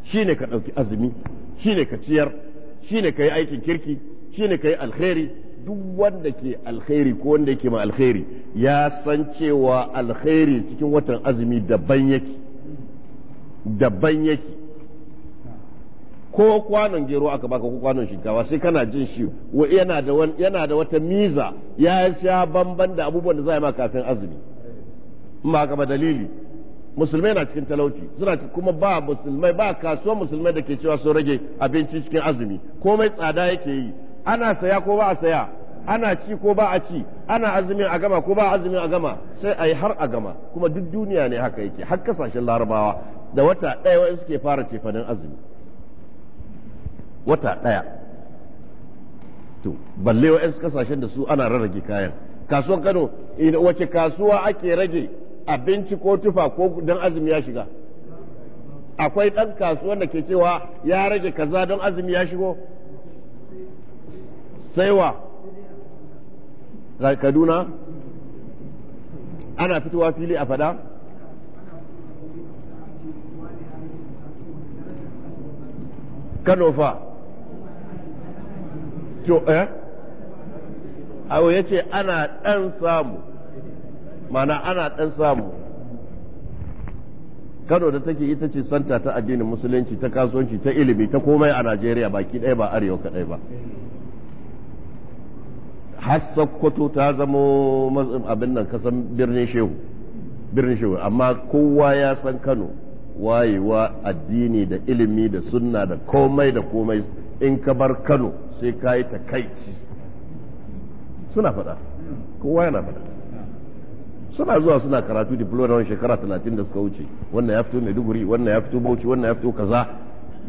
shi ne ka ɗauki azumi shi ne ka ciyar shi ne ka yi aikin kirki shi ne ka yi alkhairi duk wanda ke alkhairi ko wanda yake ma alheri ya san cewa alkhairi cikin watan azumi daban yake daban yake ko kwanon gero aka baka ko kwanon shinkawa sai kana jin shi yana da yana da wata miza ya sha bamban da abubuwan da za a yi ma kafin azumi in ba dalili musulmai na cikin talauci suna kuma ba musulmai ba kasuwar musulmai da ke cewa sun rage abinci cikin azumi komai tsada yake yi ana saya ko ba a saya ana ci ko ba a ci ana azumin a gama ko ba azumin a gama sai a yi har a gama kuma duk duniya ne haka yake har kasashen larabawa da wata ɗaya wa'in suke fara cefanin azumi wata ɗaya to balle wa kasashen da su ana rarrage kayan kasuwan kano wace kasuwa ake rage abinci ko tufa ko don azumi ya shiga akwai ɗan kasuwan da ke cewa ya rage kaza don azumi ya shigo saiwa kaduna ana fitowa fili a fada kano fa to eh ya ce ana ɗan samu mana ana ɗan samu kano da take ita ce santa ta addinin musulunci ta kasuwanci ta ilimi ta komai a najeriya baki ɗaya ba arewa kaɗai ba har sakkwato ta zamo abin nan kasan birnin shehu birnin shehu amma kowa ya san kano wayewa addini da ilimi da sunna da komai da komai in ka bar kano sai ka yi takaici suna faɗa kowa yana faɗa suna zuwa suna karatu diploma na wani shekara talatin da suka wuce wannan ya fito maiduguri wannan ya fito bauchi wannan ya fito kaza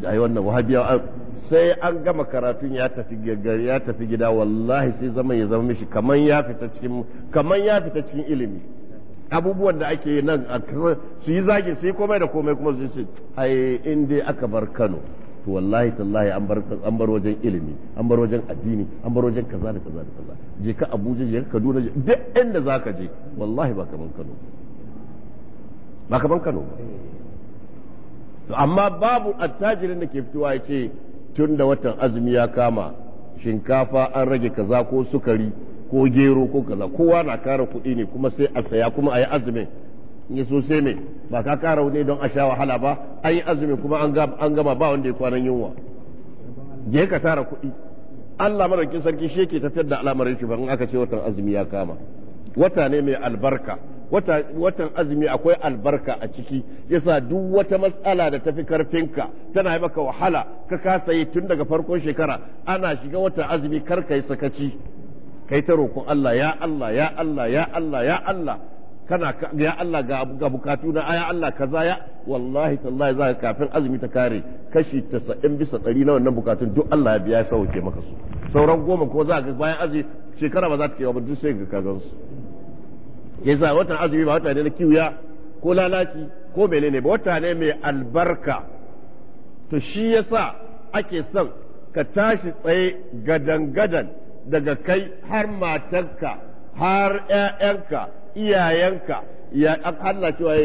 da ai wannan wahabiya sai an gama karatun ya tafi gari ya tafi gida wallahi sai zaman ya zama mishi kaman ya fita cikin kaman ya fita cikin ilimi abubuwan da ake nan su yi zage su yi komai da komai kuma su ce ai in dai aka bar Kano to wallahi tallahi an bar wajen ilimi an bar wajen addini an bar wajen kaza da kaza da kaza je ka Abuja je ka Kaduna duk inda zaka je wallahi ba ban Kano ba ban Kano to amma babu attajirin da ke fitowa ya ce tun da watan azumi ya kama shinkafa an rage kaza ko sukari ko gero ko kaza kowa na kara kuɗi ne kuma sai a saya kuma a yi azumin ya so sai ba ka kara wani don a sha wahala ba an yi azumi kuma an gama ba wanda ya kwanan yunwa je ka tara kuɗi Allah madaukin sarki shi yake tafiyar da al'amarin shi ban aka ce watan azumi ya kama wata ne mai albarka watan azumi akwai albarka a ciki yasa duk wata matsala da tafi karfinka tana yi maka wahala ka kasa yi tun daga farkon shekara ana shiga watan azumi kar ka yi sakaci kai ta roƙon Allah ya Allah ya Allah ya Allah ya Allah kana ya Allah ga bukatu na aya Allah kaza ya wallahi tallahi za kafin azumi ta kare kashi 90 bisa 100 na wannan bukatun duk Allah ya biya ya sauke maka su sauran goma ko za ka bayan azumi shekara ba za ta kai ba duk sai ga kazan su yasa watan azumi ba wata ne na kiwiya ko lalaci ko menene ba wata ne mai albarka to shi yasa ake son ka tashi tsaye gadan-gadan daga kai har matanka har 'ya'yanka iyayenka ya Allah cewa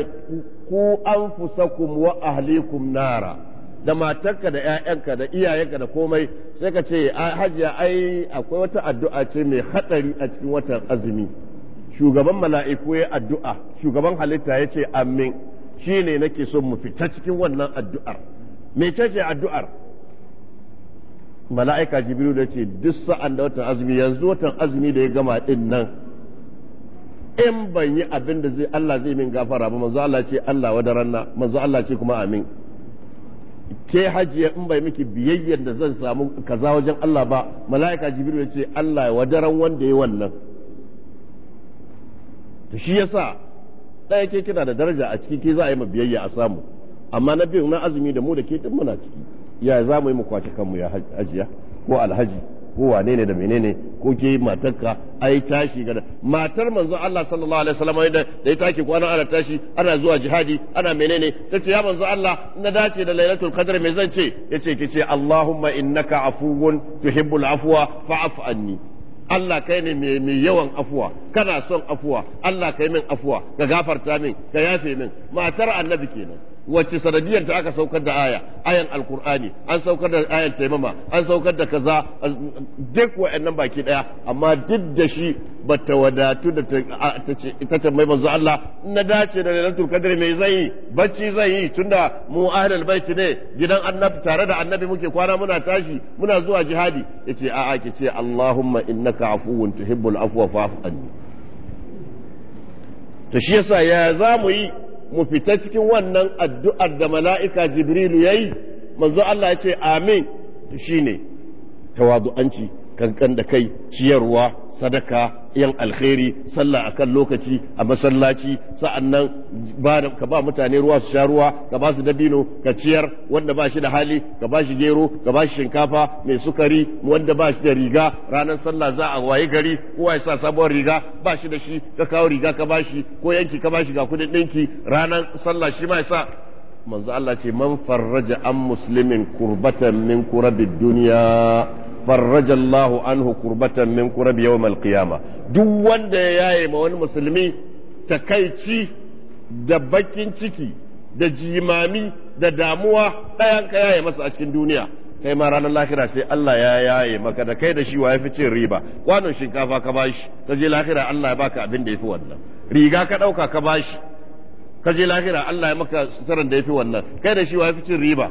ku anfusakum wa ahlikum nara da matarka da ‘ya'yanka da iyayenka da komai sai ka ce hajiya ai akwai wata addu'a ce mai hatsari a cikin watan azumi shugaban mala'iku ya addu'a shugaban halitta ya ce amin shi ne nake son mu fita cikin wannan addu'ar ce addu'ar mala'ika jibiru da ce duk sa'an da watan azumi yanzu watan azumi da ya gama dinnan nan in ban yi abin da zai Allah zai min gafara ba manzo Allah ce Allah daren na manzo Allah ce kuma amin ke hajiya in bai miki biyayyar da zan samu kaza wajen Allah ba mala'ika jibril ya ce Allah wa daren wanda ya wannan to shi yasa ɗaya ke kina da daraja a ciki ke za a yi biyayya a samu amma na biyu na azumi da mu da ke din muna ciki ya za mu yi mu kwace kanmu ya hajiya ko alhaji ko wane ne da menene ko ke matarka ai tashi gada matar manzo Allah sallallahu alaihi wasallam da da take kwana ana tashi ana zuwa jihadi ana menene tace ya manzo Allah na dace da lailatul qadr me zan ce yace kice Allahumma innaka afuwun tuhibbul afwa fa anni Allah kai ne mai yawan afuwa kana son afuwa Allah kai min afuwa ka gafarta min ka yafe min matar annabi kenan wacce sanadiyar ta aka saukar da aya ayan alkur'ani an saukar da ayan taimama an saukar da kaza duk wa'annan baki daya amma duk da shi bata wadatu da ta ce ita mai manzo Allah na dace da lailatul qadr mai zai bacci zai yi tunda mu ahlul bait ne gidan annabi tare da annabi muke kwana muna tashi muna zuwa jihadi yace a'a ki ce Allahumma innaka afuwun tuhibbul afwa fa'fu anni to shi yasa ya za mu yi mu fita cikin wannan addu'ar da mala'ika Jibrilu ya yi, manzo Allah ya ce, Amin, shi ne, tawadu'anci. kankan da kai ciyarwa sadaka yan alheri sallah akan lokaci a masallaci sa'an nan ka ba mutane ruwa su sha ruwa ka ba su dabino ka ciyar wanda ba shi da hali ka ba shi gero ka ba shi shinkafa mai sukari wanda ba shi da riga ranar sallah za a waye gari kowa ya sa sabuwar riga ba shi da shi ka kawo riga ka ba shi ko yanki ka ba shi ga kudin ɗinki ranar sallah shi ma ya sa manzo Allah ce man farraja an muslimin kurbatan min kurabi duniya farraja Allahu anhu kurbatan min kurabi yawmal qiyama duk wanda ya yaye ma wani musulmi takaici da bakin ciki da jimami da damuwa ɗayan ka yaye masa a cikin duniya kai ma ranar lahira sai Allah ya yaye maka da kai da shi wa yafi cin riba kwanon shinkafa ka bashi ka je lahira Allah ya baka abin da yafi wannan riga ka ɗauka ka bashi ka je lahira Allah ya maka sutaran da ya fi wannan kai da shi wa fi cin riba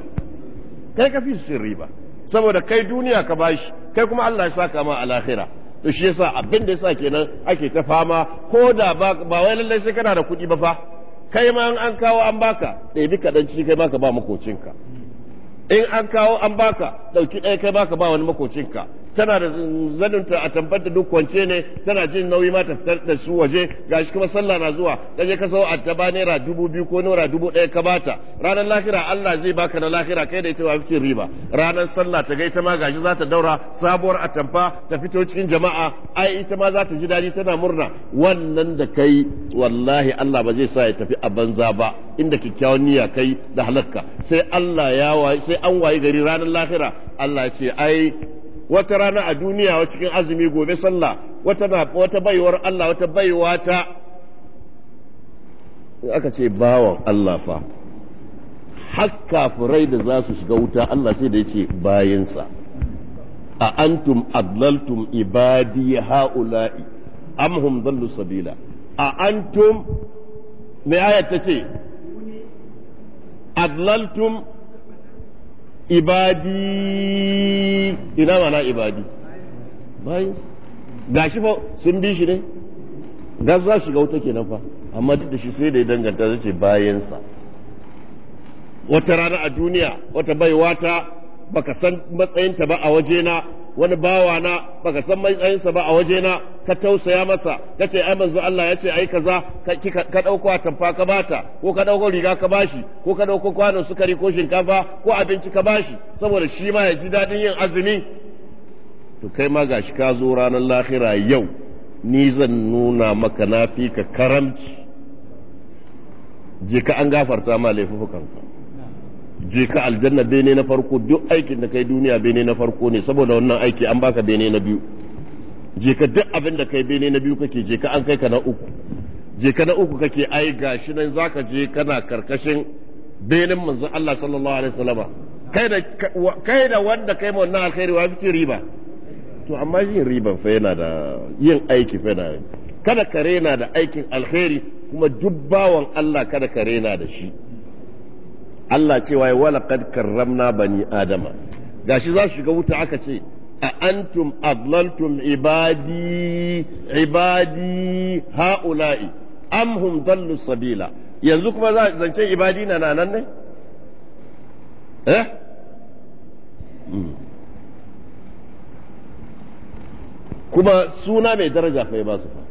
kai ka fi cin riba saboda kai duniya ka bashi kai kuma Allah ya saka ma a lahira to shi yasa abin da yasa kenan ake ta fama ko da ba wai lallai sai kana da kuɗi ba fa kai ma an kawo an baka ɗebi kaɗan ci kai ma ba makocinka in an kawo an baka ɗauki ɗaya kai baka ba wani makocinka tana da zaninta a da duk wance ne tana jin nauyi ma ta fitar da su waje gashi kuma sallah na zuwa kaje ka sau taba naira dubu biyu ko naira dubu ɗaya ka bata ranar lahira Allah zai baka na lahira kai da ita ba kike riba ranar sallah ta gaita ma gashi za ta daura sabuwar atamfa ta fito cikin jama'a ai ita ma za ta ji daji tana murna wannan da kai wallahi Allah ba zai sa ya tafi a banza ba inda kikkiawan niyya kai da halakka sai Allah ya sai an wayi gari ranar lahira Allah ya ce ai wata rana a duniya cikin azumi gobe sallah wata baiwar Allah wata baiwa ta in aka ce bawan Allah fa hakka furai da za su shiga wuta Allah sai da ya ce bayansa a antum adlaltum ibadi ha'ula'i amhum hum dallu sabila a antum me ayat ta ce adlaltum ibadi ina mana ibadi bayan gashi fa sun bi shi ne ga za shiga wuta kenan fa amma duk da shi sai da ya danganta zai ce bayansa wata rana a duniya wata baiwata ta baka san matsayinta ba a waje na? wani bawa na baka san matsayinsa ba a waje na ka tausaya masa ka ce ai manzo Allah ya ce ai kaza ka dauko tamfa ka bata ko ka ɗauko riga ka bashi ko ka ɗauko kwanon sukari ko shinkafa ko abinci ka bashi saboda shi ma ya ji daɗin yin azumi to kai ma gashi ka zo ranar lahira yau ni zan nuna maka na fi ka karamci je ka an gafarta ma laifufukanka je ka aljanna bene na farko duk aikin da kai duniya bene na farko ne saboda wannan aiki an baka bene na biyu je ka duk abin da kai bene na biyu kake je ka an kai ka na uku je ka na uku kake ai gashi nan zaka je kana karkashin benin manzon Allah sallallahu alaihi wasallama kai da kai da wanda kai ma wannan alkhairi wa fi riba to amma yin riba fa yana da yin aiki fa yana kada ka rena da aikin alkhairi kuma duk bawan Allah kada ka rena da shi Allah cewa ya kad karramna bani adama gashi za su shiga wuta aka ce a antum adlaltum ibadi ibadi haula'i am hum dallu sabila yanzu kuma za zance ibadi na nan ne eh hmm. kuma suna mai daraja fa ba su fa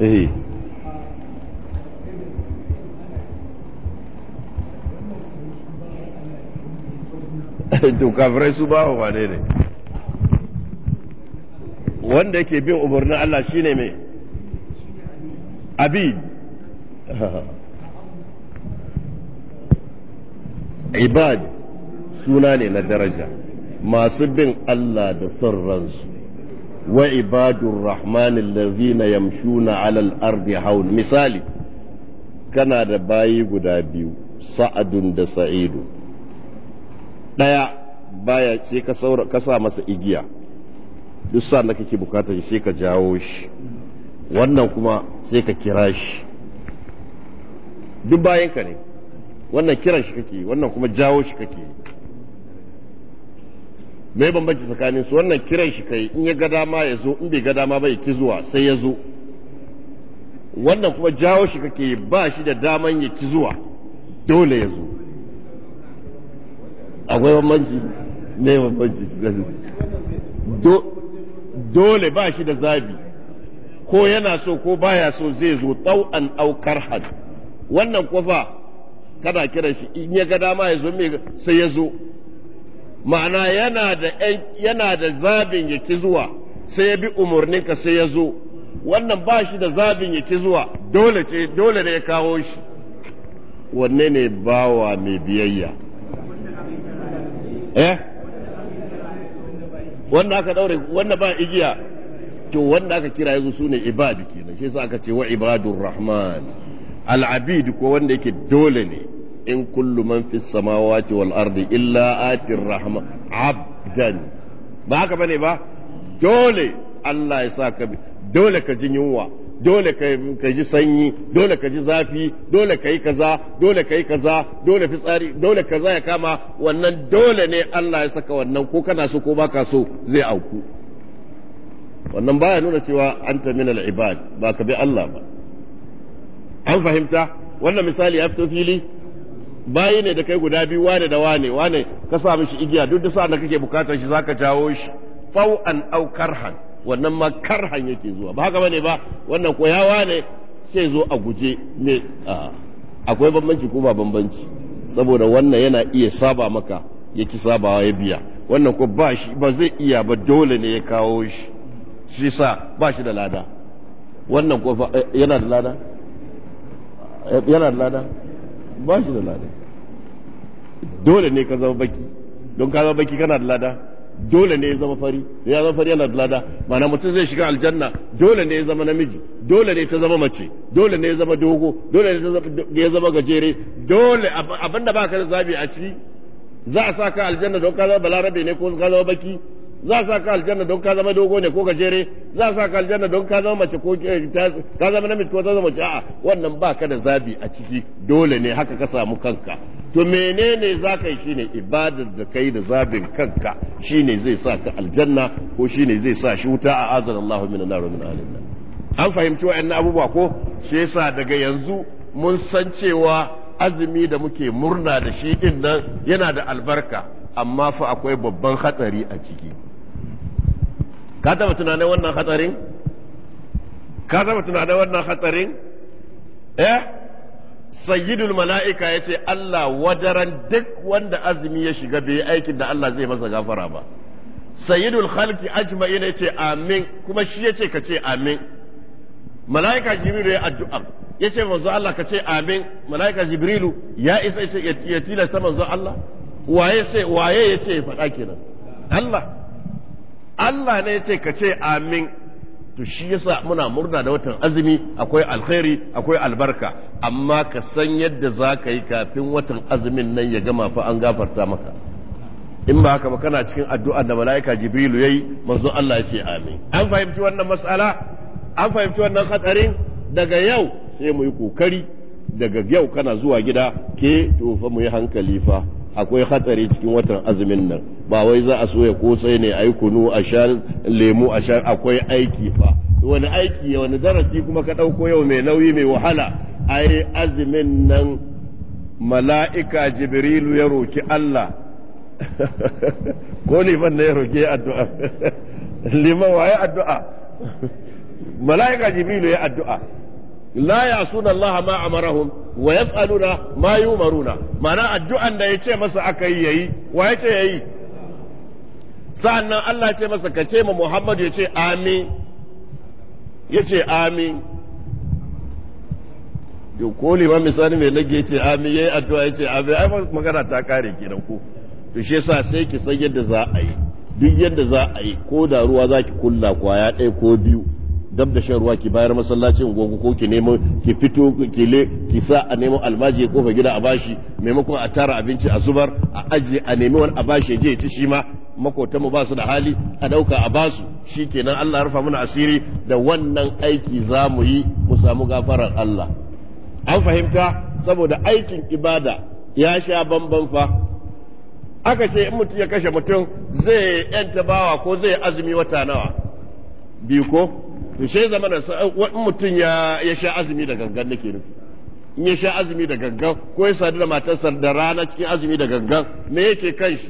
eh to kafirai su ba wa ne ne wanda yake bin umarnin Allah shine mai abid ibad suna ne na daraja masu bin Allah da son ransu wa ibadun rahmanin lazina yamshuna alal ardi haun misali kana da bayi guda biyu sa'adun da sa'idu ɗaya baya ce ka sa masa igiya duk sa da kake bukatar sai ka jawo shi wannan kuma sai ka kira shi duk bayanka ne wannan kiran shi kake wannan kuma jawo shi kake me bambanci tsakanin su wannan kiran shi kai in ya ga dama ya zo in bai ga dama bai ki zuwa sai ya zo wannan kuma jawo shi kake ba shi da daman ya ki zuwa dole ya zo akwai bambanci ne bambanci dole ba shi da zabi ko yana so ko baya so zai zo tau'an aukar had wannan kwafa kana kiran shi in ya ga dama ya zo sai ya zo ma'ana yana da yana da zabin ya ki zuwa sai ya bi umarninka sai ya zo wannan ba shi da zabin ya ki zuwa dole ce ne ya kawo shi wanne ne bawa mai biyayya eh wanda aka daure wanda ba igiya to wanda aka kira yanzu sune ibadu kenan shi yasa aka ce wa ibadur rahman al abid ko wanda yake dole ne in kullu man fis samawati wal ardi illa atir rahman abdan ba haka bane ba dole Allah ya sa ka dole ka jin yunwa dole ka ji sanyi dole ka ji zafi dole ka yi kaza dole ka yi kaza dole fitsari dole kaza ya kama wannan dole ne Allah ya saka wannan ko kana so ko baka so zai auku wannan baya nuna cewa an min al-ibad ba ka bi Allah ba an fahimta wannan misali ya fito fili bayi ne da kai guda biyu wane da wane wane ka sa mishi igiya duk da sa'an da kake bukatar shi zaka jawo shi fau'an aukar hannu wannan ma karhan yake zuwa ba haka bane ba wannan koyawa ne sai zo a guje ne akwai bambanci ko ba bambanci saboda wannan yana iya saba maka yake sabawa ya biya wannan ko ba shi ba zai iya ba dole ne ya kawo shi shi sa ba shi da lada wannan ko eh, yana da lada eh, yana da lada ba shi da lada dole ne ka zama baki don ka zama baki kana da lada dole ne ya zama fari da ya zama fari yana da lada ma'ana mutum zai shiga aljanna dole ne ya zama namiji dole ne ta zama mace dole ne ya zama dogo dole ne ya zama gajere dole abinda ka da zabi a ciki za a sa ka aljanna don ka zama balarabe ne ko ka zama baki za sa ka aljanna don ka zama dogo ne ko gajere za sa ka aljanna don ka zama mace ko eh, ka zama namiji ko ta zama mace a'a wannan ba ka da zabi a ciki dole ne haka ka samu kanka to menene za ka yi shine ibadar da kai da zabin kanka shine zai sa ka aljanna ko shine zai sa shi wuta a azan Allahu min nar min alinna an fahimci wa'annan abubuwa ko shi yasa daga yanzu mun san cewa azumi da muke murna da shi din nan yana da albarka amma fa akwai babban hatsari a ciki ka taba tunanin wannan hatsarin ka taba tunanin wannan hatsarin eh sayyidul mala'ika ya ce Allah wadaran duk wanda azumi ya shiga bai yi aikin da Allah zai masa gafara ba sayyidul khalqi ajma'in ya ce amin kuma shi ya ce ka ce amin mala'ika jibrilu ya addu'a ya ce manzo Allah ka ce amin mala'ika jibrilu ya isa ya tilasta manzo Allah waye waye ya ce faɗa kenan Allah Allah ne ya ce ka ce amin to shi yasa muna murna da watan azumi akwai alkhairi akwai albarka amma ka san yadda za ka yi kafin watan azumin nan ya gama fa an gafarta maka in ba haka ba kana cikin addu'a da mala'ika jibrilu yayi manzo Allah ya ce amin an fahimci wannan mas'ala an fahimci wannan hatsarin daga yau sai mu yi kokari daga yau kana zuwa gida ke to fa mu yi hankali fa akwai hatsari cikin watan azumin nan ba wai za a soya kosai ne a yi kunu a sha lemu a sha akwai aiki fa wani aiki wani darasi kuma ka ɗauko yau mai nauyi mai wahala a yi azumin nan mala'ika jibrilu ya roki Allah ko ban na ya roki addu'a liman wa ya addu'a mala'ika jibrilu ya addu'a la ya'suna Allah ma amarahum wa yaf'aluna ma yumaruna ma'ana addu'an da ce masa aka yi yayi wa yace yayi sa'annan Allah ya ce masa ka ce ma Muhammad ya ce amin yace amin yau ko liman misali mai nage ya ce amin yayi addu'a ya ce amin ai magana ta kare kenan ko to shi yasa sai ki san yadda za a yi duk yadda za a yi ko da ruwa za ki kulla kwaya ɗaya ko biyu dab da shan ruwa ki bayar masallacin gogo ko ki nemo ki fito ki le ki sa a nemo almaji ya kofa gida a bashi maimakon a tara abinci a zubar a aje a nemi wani a bashi je ci shi ma makotanmu mu basu da hali a dauka a basu shikenan Allah ya rufa mana asiri da wannan aiki za mu yi mu samu gafarar Allah an fahimta saboda aikin ibada ya sha bamban fa aka ce in mutum ya kashe mutum zai yanta bawa ko zai azumi wata nawa biyu ko to sai zama da mutum ya ya sha azumi da gangan nake nufi in ya sha azumi da gangan ko ya sadu da matarsa da rana cikin azumi da gangan me yake kan shi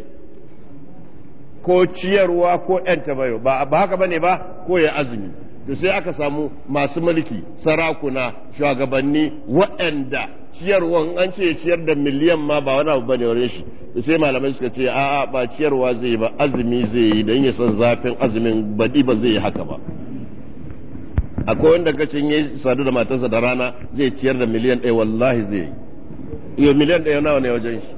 ko ciyarwa ko yanta bayo ba ba haka bane ba ko ya azumi to sai aka samu masu mulki sarakuna shugabanni waɗanda ciyarwan an ce ciyar da miliyan ma ba wani abu bane wurin shi sai malamai suka ce a'a ba ciyarwa zai ba azumi zai yi don ya san zafin azumin badi ba zai yi haka ba akwai wanda kashin ya sadu da matarsa da rana zai ciyar da miliyan ɗaya wallahi zai yi yau miliyan ɗaya nawa ne wajen shi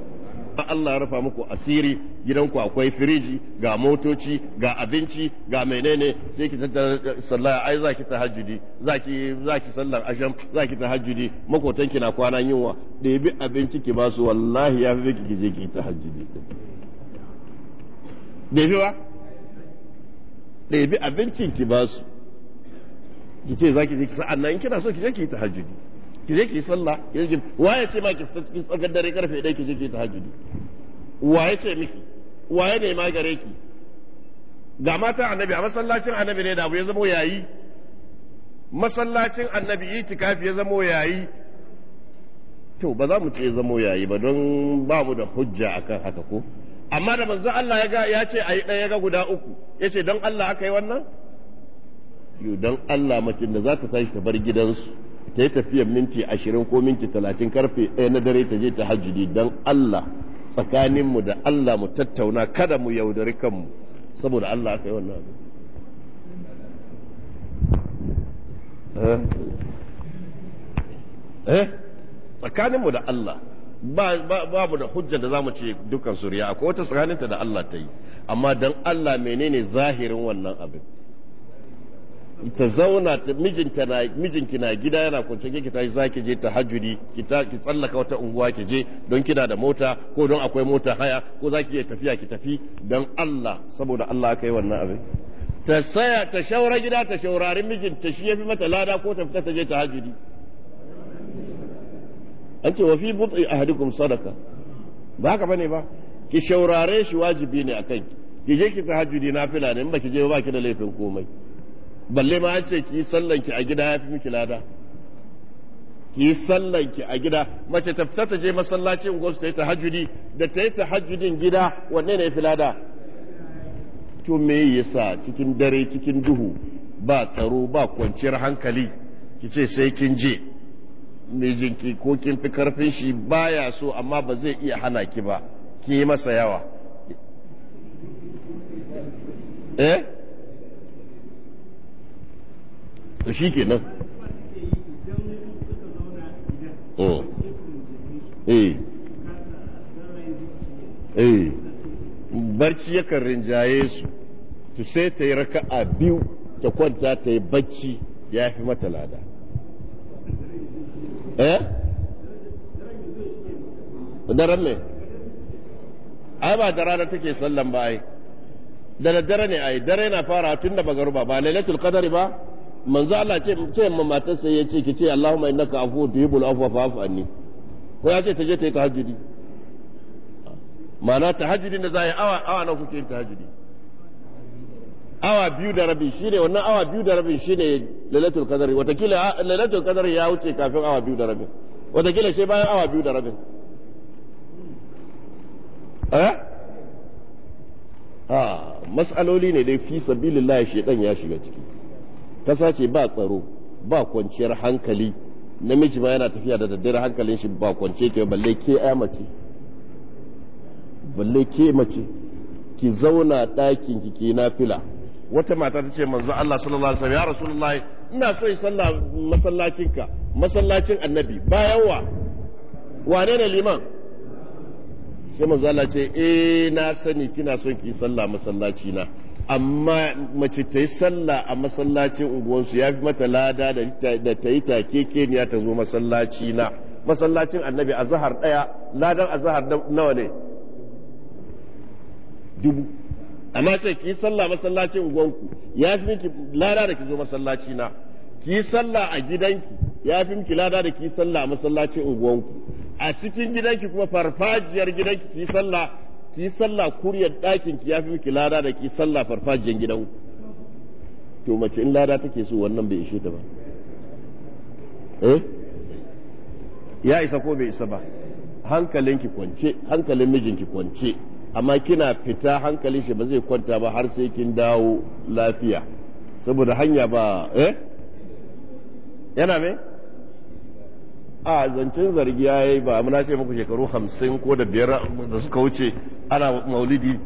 Allah ya rufa muku asiri gidanku akwai firiji ga motoci ga abinci ga menene sai ki tattara sallah ai zaki tahajjudi zaki zaki sallar asham zaki tahajjudi ki na kwana yunwa ɗebi abinci ki ba su wallahi ya fi ki je ki tahajjudi ɗebi wa ɗebi abincin ki ba su ki ce zaki je ki sa'an nan in kina so ki je ki yi tahajjudi ki je ki yi sallah ki Wa waye ce ma ki fita cikin tsakar dare karfe 1 ki je ki yi tahajjudi waye ce miki waye ne ma gare ki ga mata annabi a masallacin annabi ne da abu ya zamo yayi masallacin annabi itikafi ya zamo yayi to ba za mu ce zamo yayi ba don ba mu da hujja akan haka ko amma da manzo Allah ya ga ya ce ayi ɗaya ga guda uku yace don Allah aka yi wannan don Allah mace da za ta tashi ta bar gidansu ta yi tafiyar minti ashirin ko minti talatin karfe ɗaya na dare ta je ta hajjudi don Allah tsakaninmu da Allah mu tattauna kada mu yaudari kanmu saboda Allah aka yi wannan abin. Eh? eh? tsakaninmu da Allah babu da hujja da za mu ce dukkan suriya akwai wata tsakaninta da Allah ta yi amma don Allah menene zahirin wannan abin ta zauna mijinta na mijinki na gida yana kwance ki tashi zaki je ta ki ta ki tsallaka wata unguwa ki je don kina da mota ko don akwai mota haya ko zaki iya tafiya ki tafi don Allah saboda Allah aka yi wannan abin ta saya ta shaura gida ta shaurari mijinta shi yafi mata lada ko ta fita ta je ta hajjuri an ce wa fi but'i ahadikum sadaka ba haka bane ba ki shaurare shi wajibi ne akan ki ki je ki ta tahajjudi nafila ne in ki je ba ki da laifin komai balle ma an ce ki yi sallanki a gida ya fi miki lada ki yi sallanki a gida mace ta fita ta je masallaci unguwarsu ta yi tahajjudi da ta yi tahajjudin gida wanne ne ya fi lada to me yasa cikin dare cikin duhu ba tsaro ba kwanciyar hankali ki ce sai kin je mijinki ko kin fi karfin shi baya so amma ba zai iya hana ki ba ki yi masa yawa eh to shi kenan nan oh. eh. eh. barci yakan rinjaye su to sai ta yi raka'a biyu ta kwanta ta yi bacci ya fi mata lada eh daren ne ai ba da take sallan ba ai da daddare ne ai dare na fara tun da bagaruba ba lailatul qadari ba manzo Allah ce ce matar sai ya ce ki ce Allahumma innaka afuwwun tuhibbul afwa fa'fu anni ko ya ce ta je ta yi tahajjudi ma'ana tahajjudi da za yi awa awa na kuke yin tahajjudi awa biyu da rabi shine wannan awa biyu da rabi shine lailatul qadr watakila lailatul qadr ya wuce kafin awa biyu da rabi watakila sai bayan awa biyu da rabi. eh a ah, mas'aloli ne dai fi sabilillah shedan ya shiga ciki ta ce ba tsaro ba kwanciyar hankali namiji ma yana tafiya da daddare hankalin shi ba kwance ke balle ke ya mace balle ke mace ki zauna ɗakin ki ke na fila wata mata ta ce manzo Allah sallallahu alaihi wasallam ya rasulullahi ina so yi sallah masallacin ka masallacin annabi bayan wa wane ne liman sai manzo Allah ce eh na sani kina son ki sallah masallaci na amma mace ta yi sallah a masallacin unguwarsu ya fi mata lada da ta yi take keniya ta zo masallaci na masallacin annabi a zahar ɗaya ladar a zahar nawa ne dubu amma ce ki yi sallah masallacin unguwanku ya fi miki lada da ki zo masallaci na ki yi sallah a gidanki ya fi miki lada da ki yi sallah a masallacin unguwanku a cikin gidanki kuma farfajiyar gidanki ki yi sallah ki sallah kuryar ɗakin ki fi miki lada da ki sallah farfajiyar gidan to mace in lada take so wannan bai ishe ta ba eh ya isa ko bai isa ba hankalin ki kwance hankalin mijin ki kwance amma kina fita hankalin shi ba zai kwanta ba har sai kin dawo lafiya saboda hanya ba eh yana me a zancen zargi ya yi ba muna ce muku shekaru hamsin ko da biyar da suka wuce ana maulidi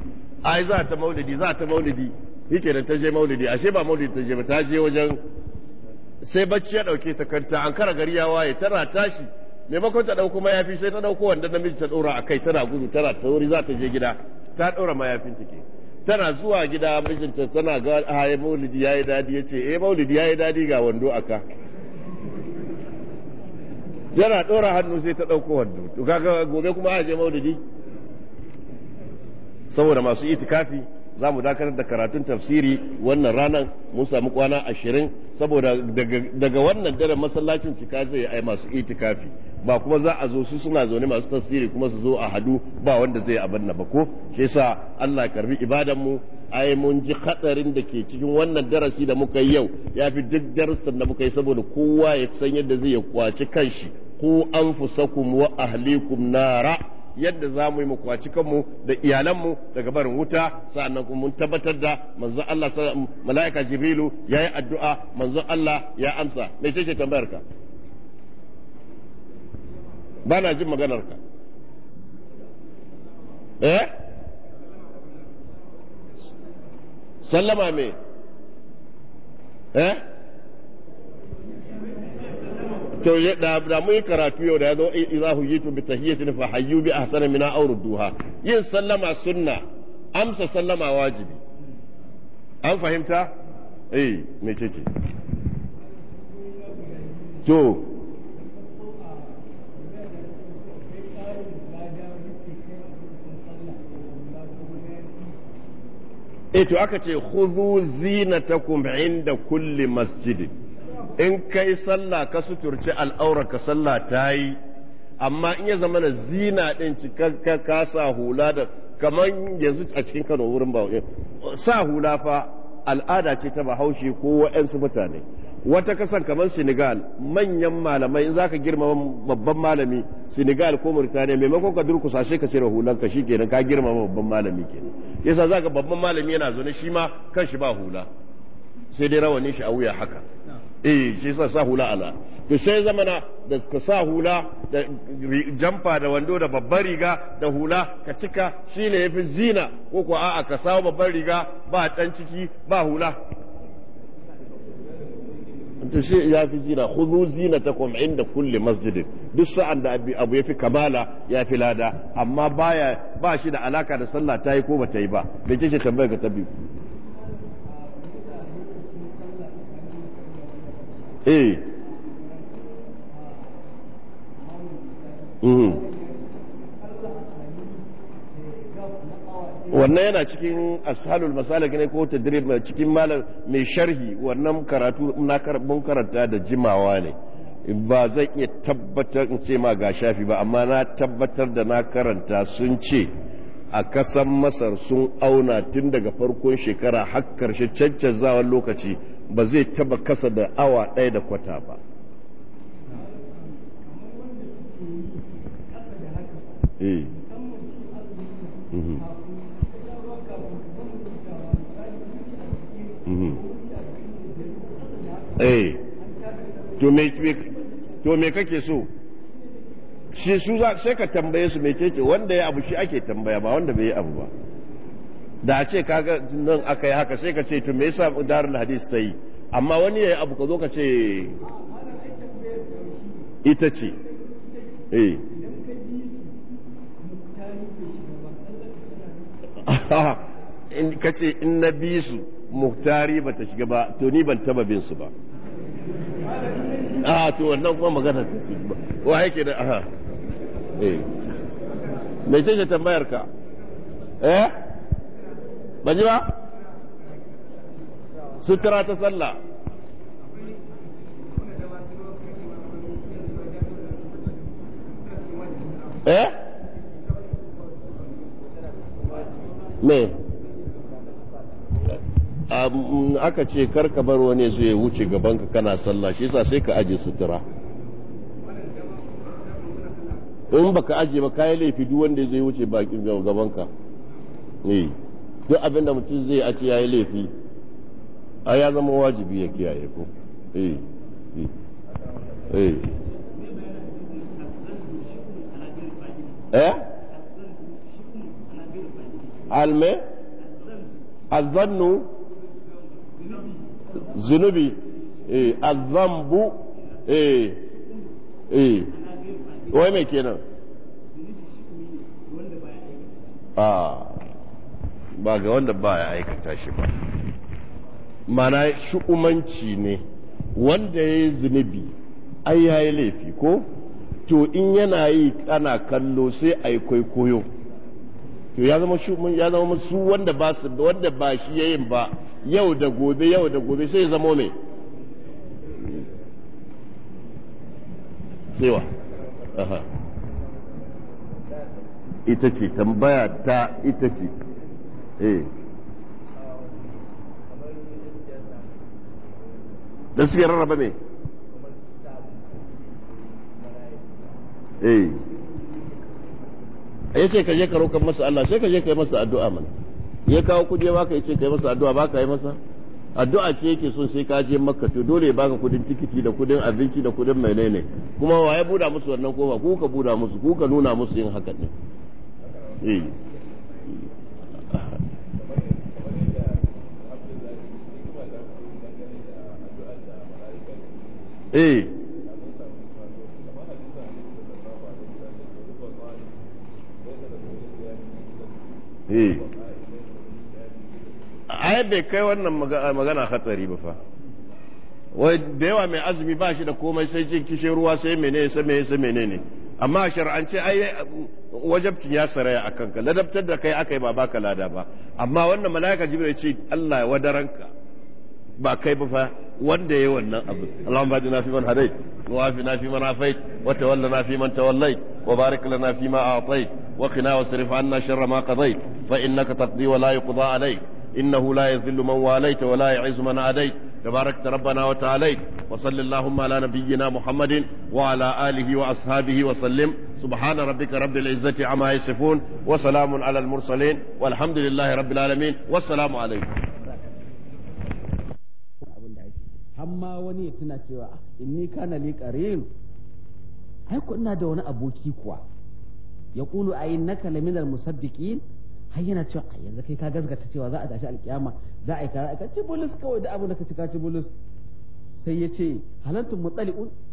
ai za ta maulidi za ta maulidi Ni da ta je maulidi ashe ba maulidi ta je ba ta je wajen sai bacci ya dauke ta kanta an kara gari ya waye tana tashi maimakon ta dauko mayafi sai ta dauko wanda namiji ta dora a kai tana gudu tana tauri za ta je gida ta dora mayafin ke. tana zuwa gida mijinta tana ga haye maulidi yayi dadi yace eh maulidi yayi dadi ga wando aka yana ɗora hannu sai ta ɗauko hannu to kaga gobe kuma a je maulidi saboda masu itikafi za mu dakatar da karatun tafsiri wannan ranar mun samu kwana ashirin saboda daga wannan dare masallacin cika zai ai masu itikafi ba kuma za a zo su suna zaune masu tafsiri kuma su zo a hadu ba wanda zai abin ba ko shi yasa Allah karbi ibadanmu mu ai mun ji hadarin da ke cikin wannan darasi da muka yi yau ya fi duk darasin da muka yi saboda kowa ya san yadda zai ya kwaci kanshi ku anfusakum wa ahlikum nara yadda za mu yi makwacikanmu kanmu da iyalanmu daga barin wuta sa'annan kuma mun tabbatar da manzon Allah mala'ika Jibrilu yayi addu'a manzon Allah ya amsa me ce tambayar ka bana jin maganar ka eh sallama me eh to ya da da mun karatu yau da ya zo eh, idza huyitu bi tahiyatin fa hayyu bi ahsana min awrudduha yin sallama sunna amsa sallama wajibi an fahimta eh me mecece to e to aka ce khudhu zinatakum inda kulli masjidin in kai sallah ka suturci ka sallah ta yi amma in ya zama na zina ɗin cikakka ka sa hula da kamar yanzu a cikin kano wurin ba sa hula fa al'ada ce ta bahaushe ko wa'yansu mutane wata kasan kamar senegal manyan malamai in zaka girmama babban malami senegal ko murtaniya maimakon ka durkusa sai ka cire hulanka shi kenan ka girmama babban malami kenan yasa zaka babban malami yana zaune shi ma kan shi ba hula sai dai rawanin shi a wuya haka eh shi sa sa hula ala to sai zamana da ka sa hula da jamfa da wando da babbar riga da hula ka cika shine yafi zina ko ko a'a ka sa babbar riga ba dan ciki ba hula to shi ya fi zina khudhu zinatakum inda kulli masjidin duk sa'an da abu yafi fi kamala ya fi lada amma baya ba shi da alaka da sallah ta yi ko ba ta yi ba da kike tambayar ka tabi eh mm-hmm. wannan yana cikin ashalul masalik ne ko tadrib cikin malam mai sharhi wannan karatu na mun karanta da jimawa ne ba zai iya tabbatar in ce ma ga shafi ba amma na tabbatar da na karanta sun ce a kasan masar sun auna tun daga farkon shekara har karshe cancanzawar lokaci ba zai taba kasa da awa ɗaya da kwata ba eh. Mhm. Mhm. Eh. to me kake so shi su sai ka tambaye su ce wanda ya abu shi ake tambaya ba wanda bai yi abu ba da a ce kaga nan aka yi haka sai ka ce to me yasa darul hadis ta yi amma wani yayi abu ka zo ka ce ita ce eh in ka ce in na bi su muhtari ba ta shiga ba to ni ban taba bin su ba ah to wannan kuma magana ta ce ba wa yake da aha eh me ce tambayar ka eh ba ba sutura ta sallah eh me aka ce karka bar wani zuwa wuce gabanka kana sallah shi yasa sai ka aje sutura in baka aje ba kayi laifi duk wanda zai wuce gabanka ne eh. duk abin da mutum zai a ce ya yi laifi a ya zama wajibi ya kiyaye ko eh eh eh, eh? alme azannu zunubi eh, azambu eh eh wai mai kenan ah ba ga wanda ba ya aikata shi ba mana shu'umanci ne wanda ya yi zunubi ai ya yi laifi ko to in yana yi ana kallo sai a yi kwaikwayo to ya zama ya zama su wanda ba su wanda ba shi yayin ba yau da gobe yau da gobe sai ya zama mai cewa ita ce tambaya ta ita ce Eh. da suke rarraba me eh ya ce ka je ka roƙar masa Allah sai ka je ka yi masa addu'a mana ya kawo kuje ka yi ce ka yi masa addu'a ba ka yi masa addu'a ce yake son sai ka je makka to dole baka kudin tikiti da kudin abinci da kudin ne kuma wa ya buda musu wannan kofa ku ka buda musu ku ka nuna musu yin haka ne eh Eh. eh ai bai kai wannan magana hatsari ba fa wai da yawa mai azumi ba shi da komai sai cin kishin ruwa sai same sai same ne ne amma shar'ance ai wajabtin ya saraya a kanka ladabtar da kai aka yi ba baka lada ba amma wannan mala'ika jibril ce Allah ya wadaranka ba kai ba fa wanda ya wannan abu Allahumma ba'dina fi man hadai wa na fi man afait wa na fi man tawallait wa barik lana fi ma a'tait wa qina wasrif 'anna sharra ma qadait fa innaka taqdi wa la yuqda 'alayk innahu la yadhillu man walayta wa la yu'izzu man adait تباركت ربنا وتعاليت وصل اللهم على نبينا محمد وعلى آله وأصحابه وسلم سبحان ربك رب العزة عما يصفون وسلام على المرسلين والحمد لله رب العالمين والسلام عليكم hamma wani ya tuna cewa ah, inni kana li qarin ai ko ina da wani aboki kuwa ya kulu a innaka laminal musaddiqin har yana cewa a yanzu kai ka gazgata cewa za a tashi alkiyama za a yi kara ka ci bulus kawai da abu da ka ci ka ci bulus sai ya ce halantun mutsali'un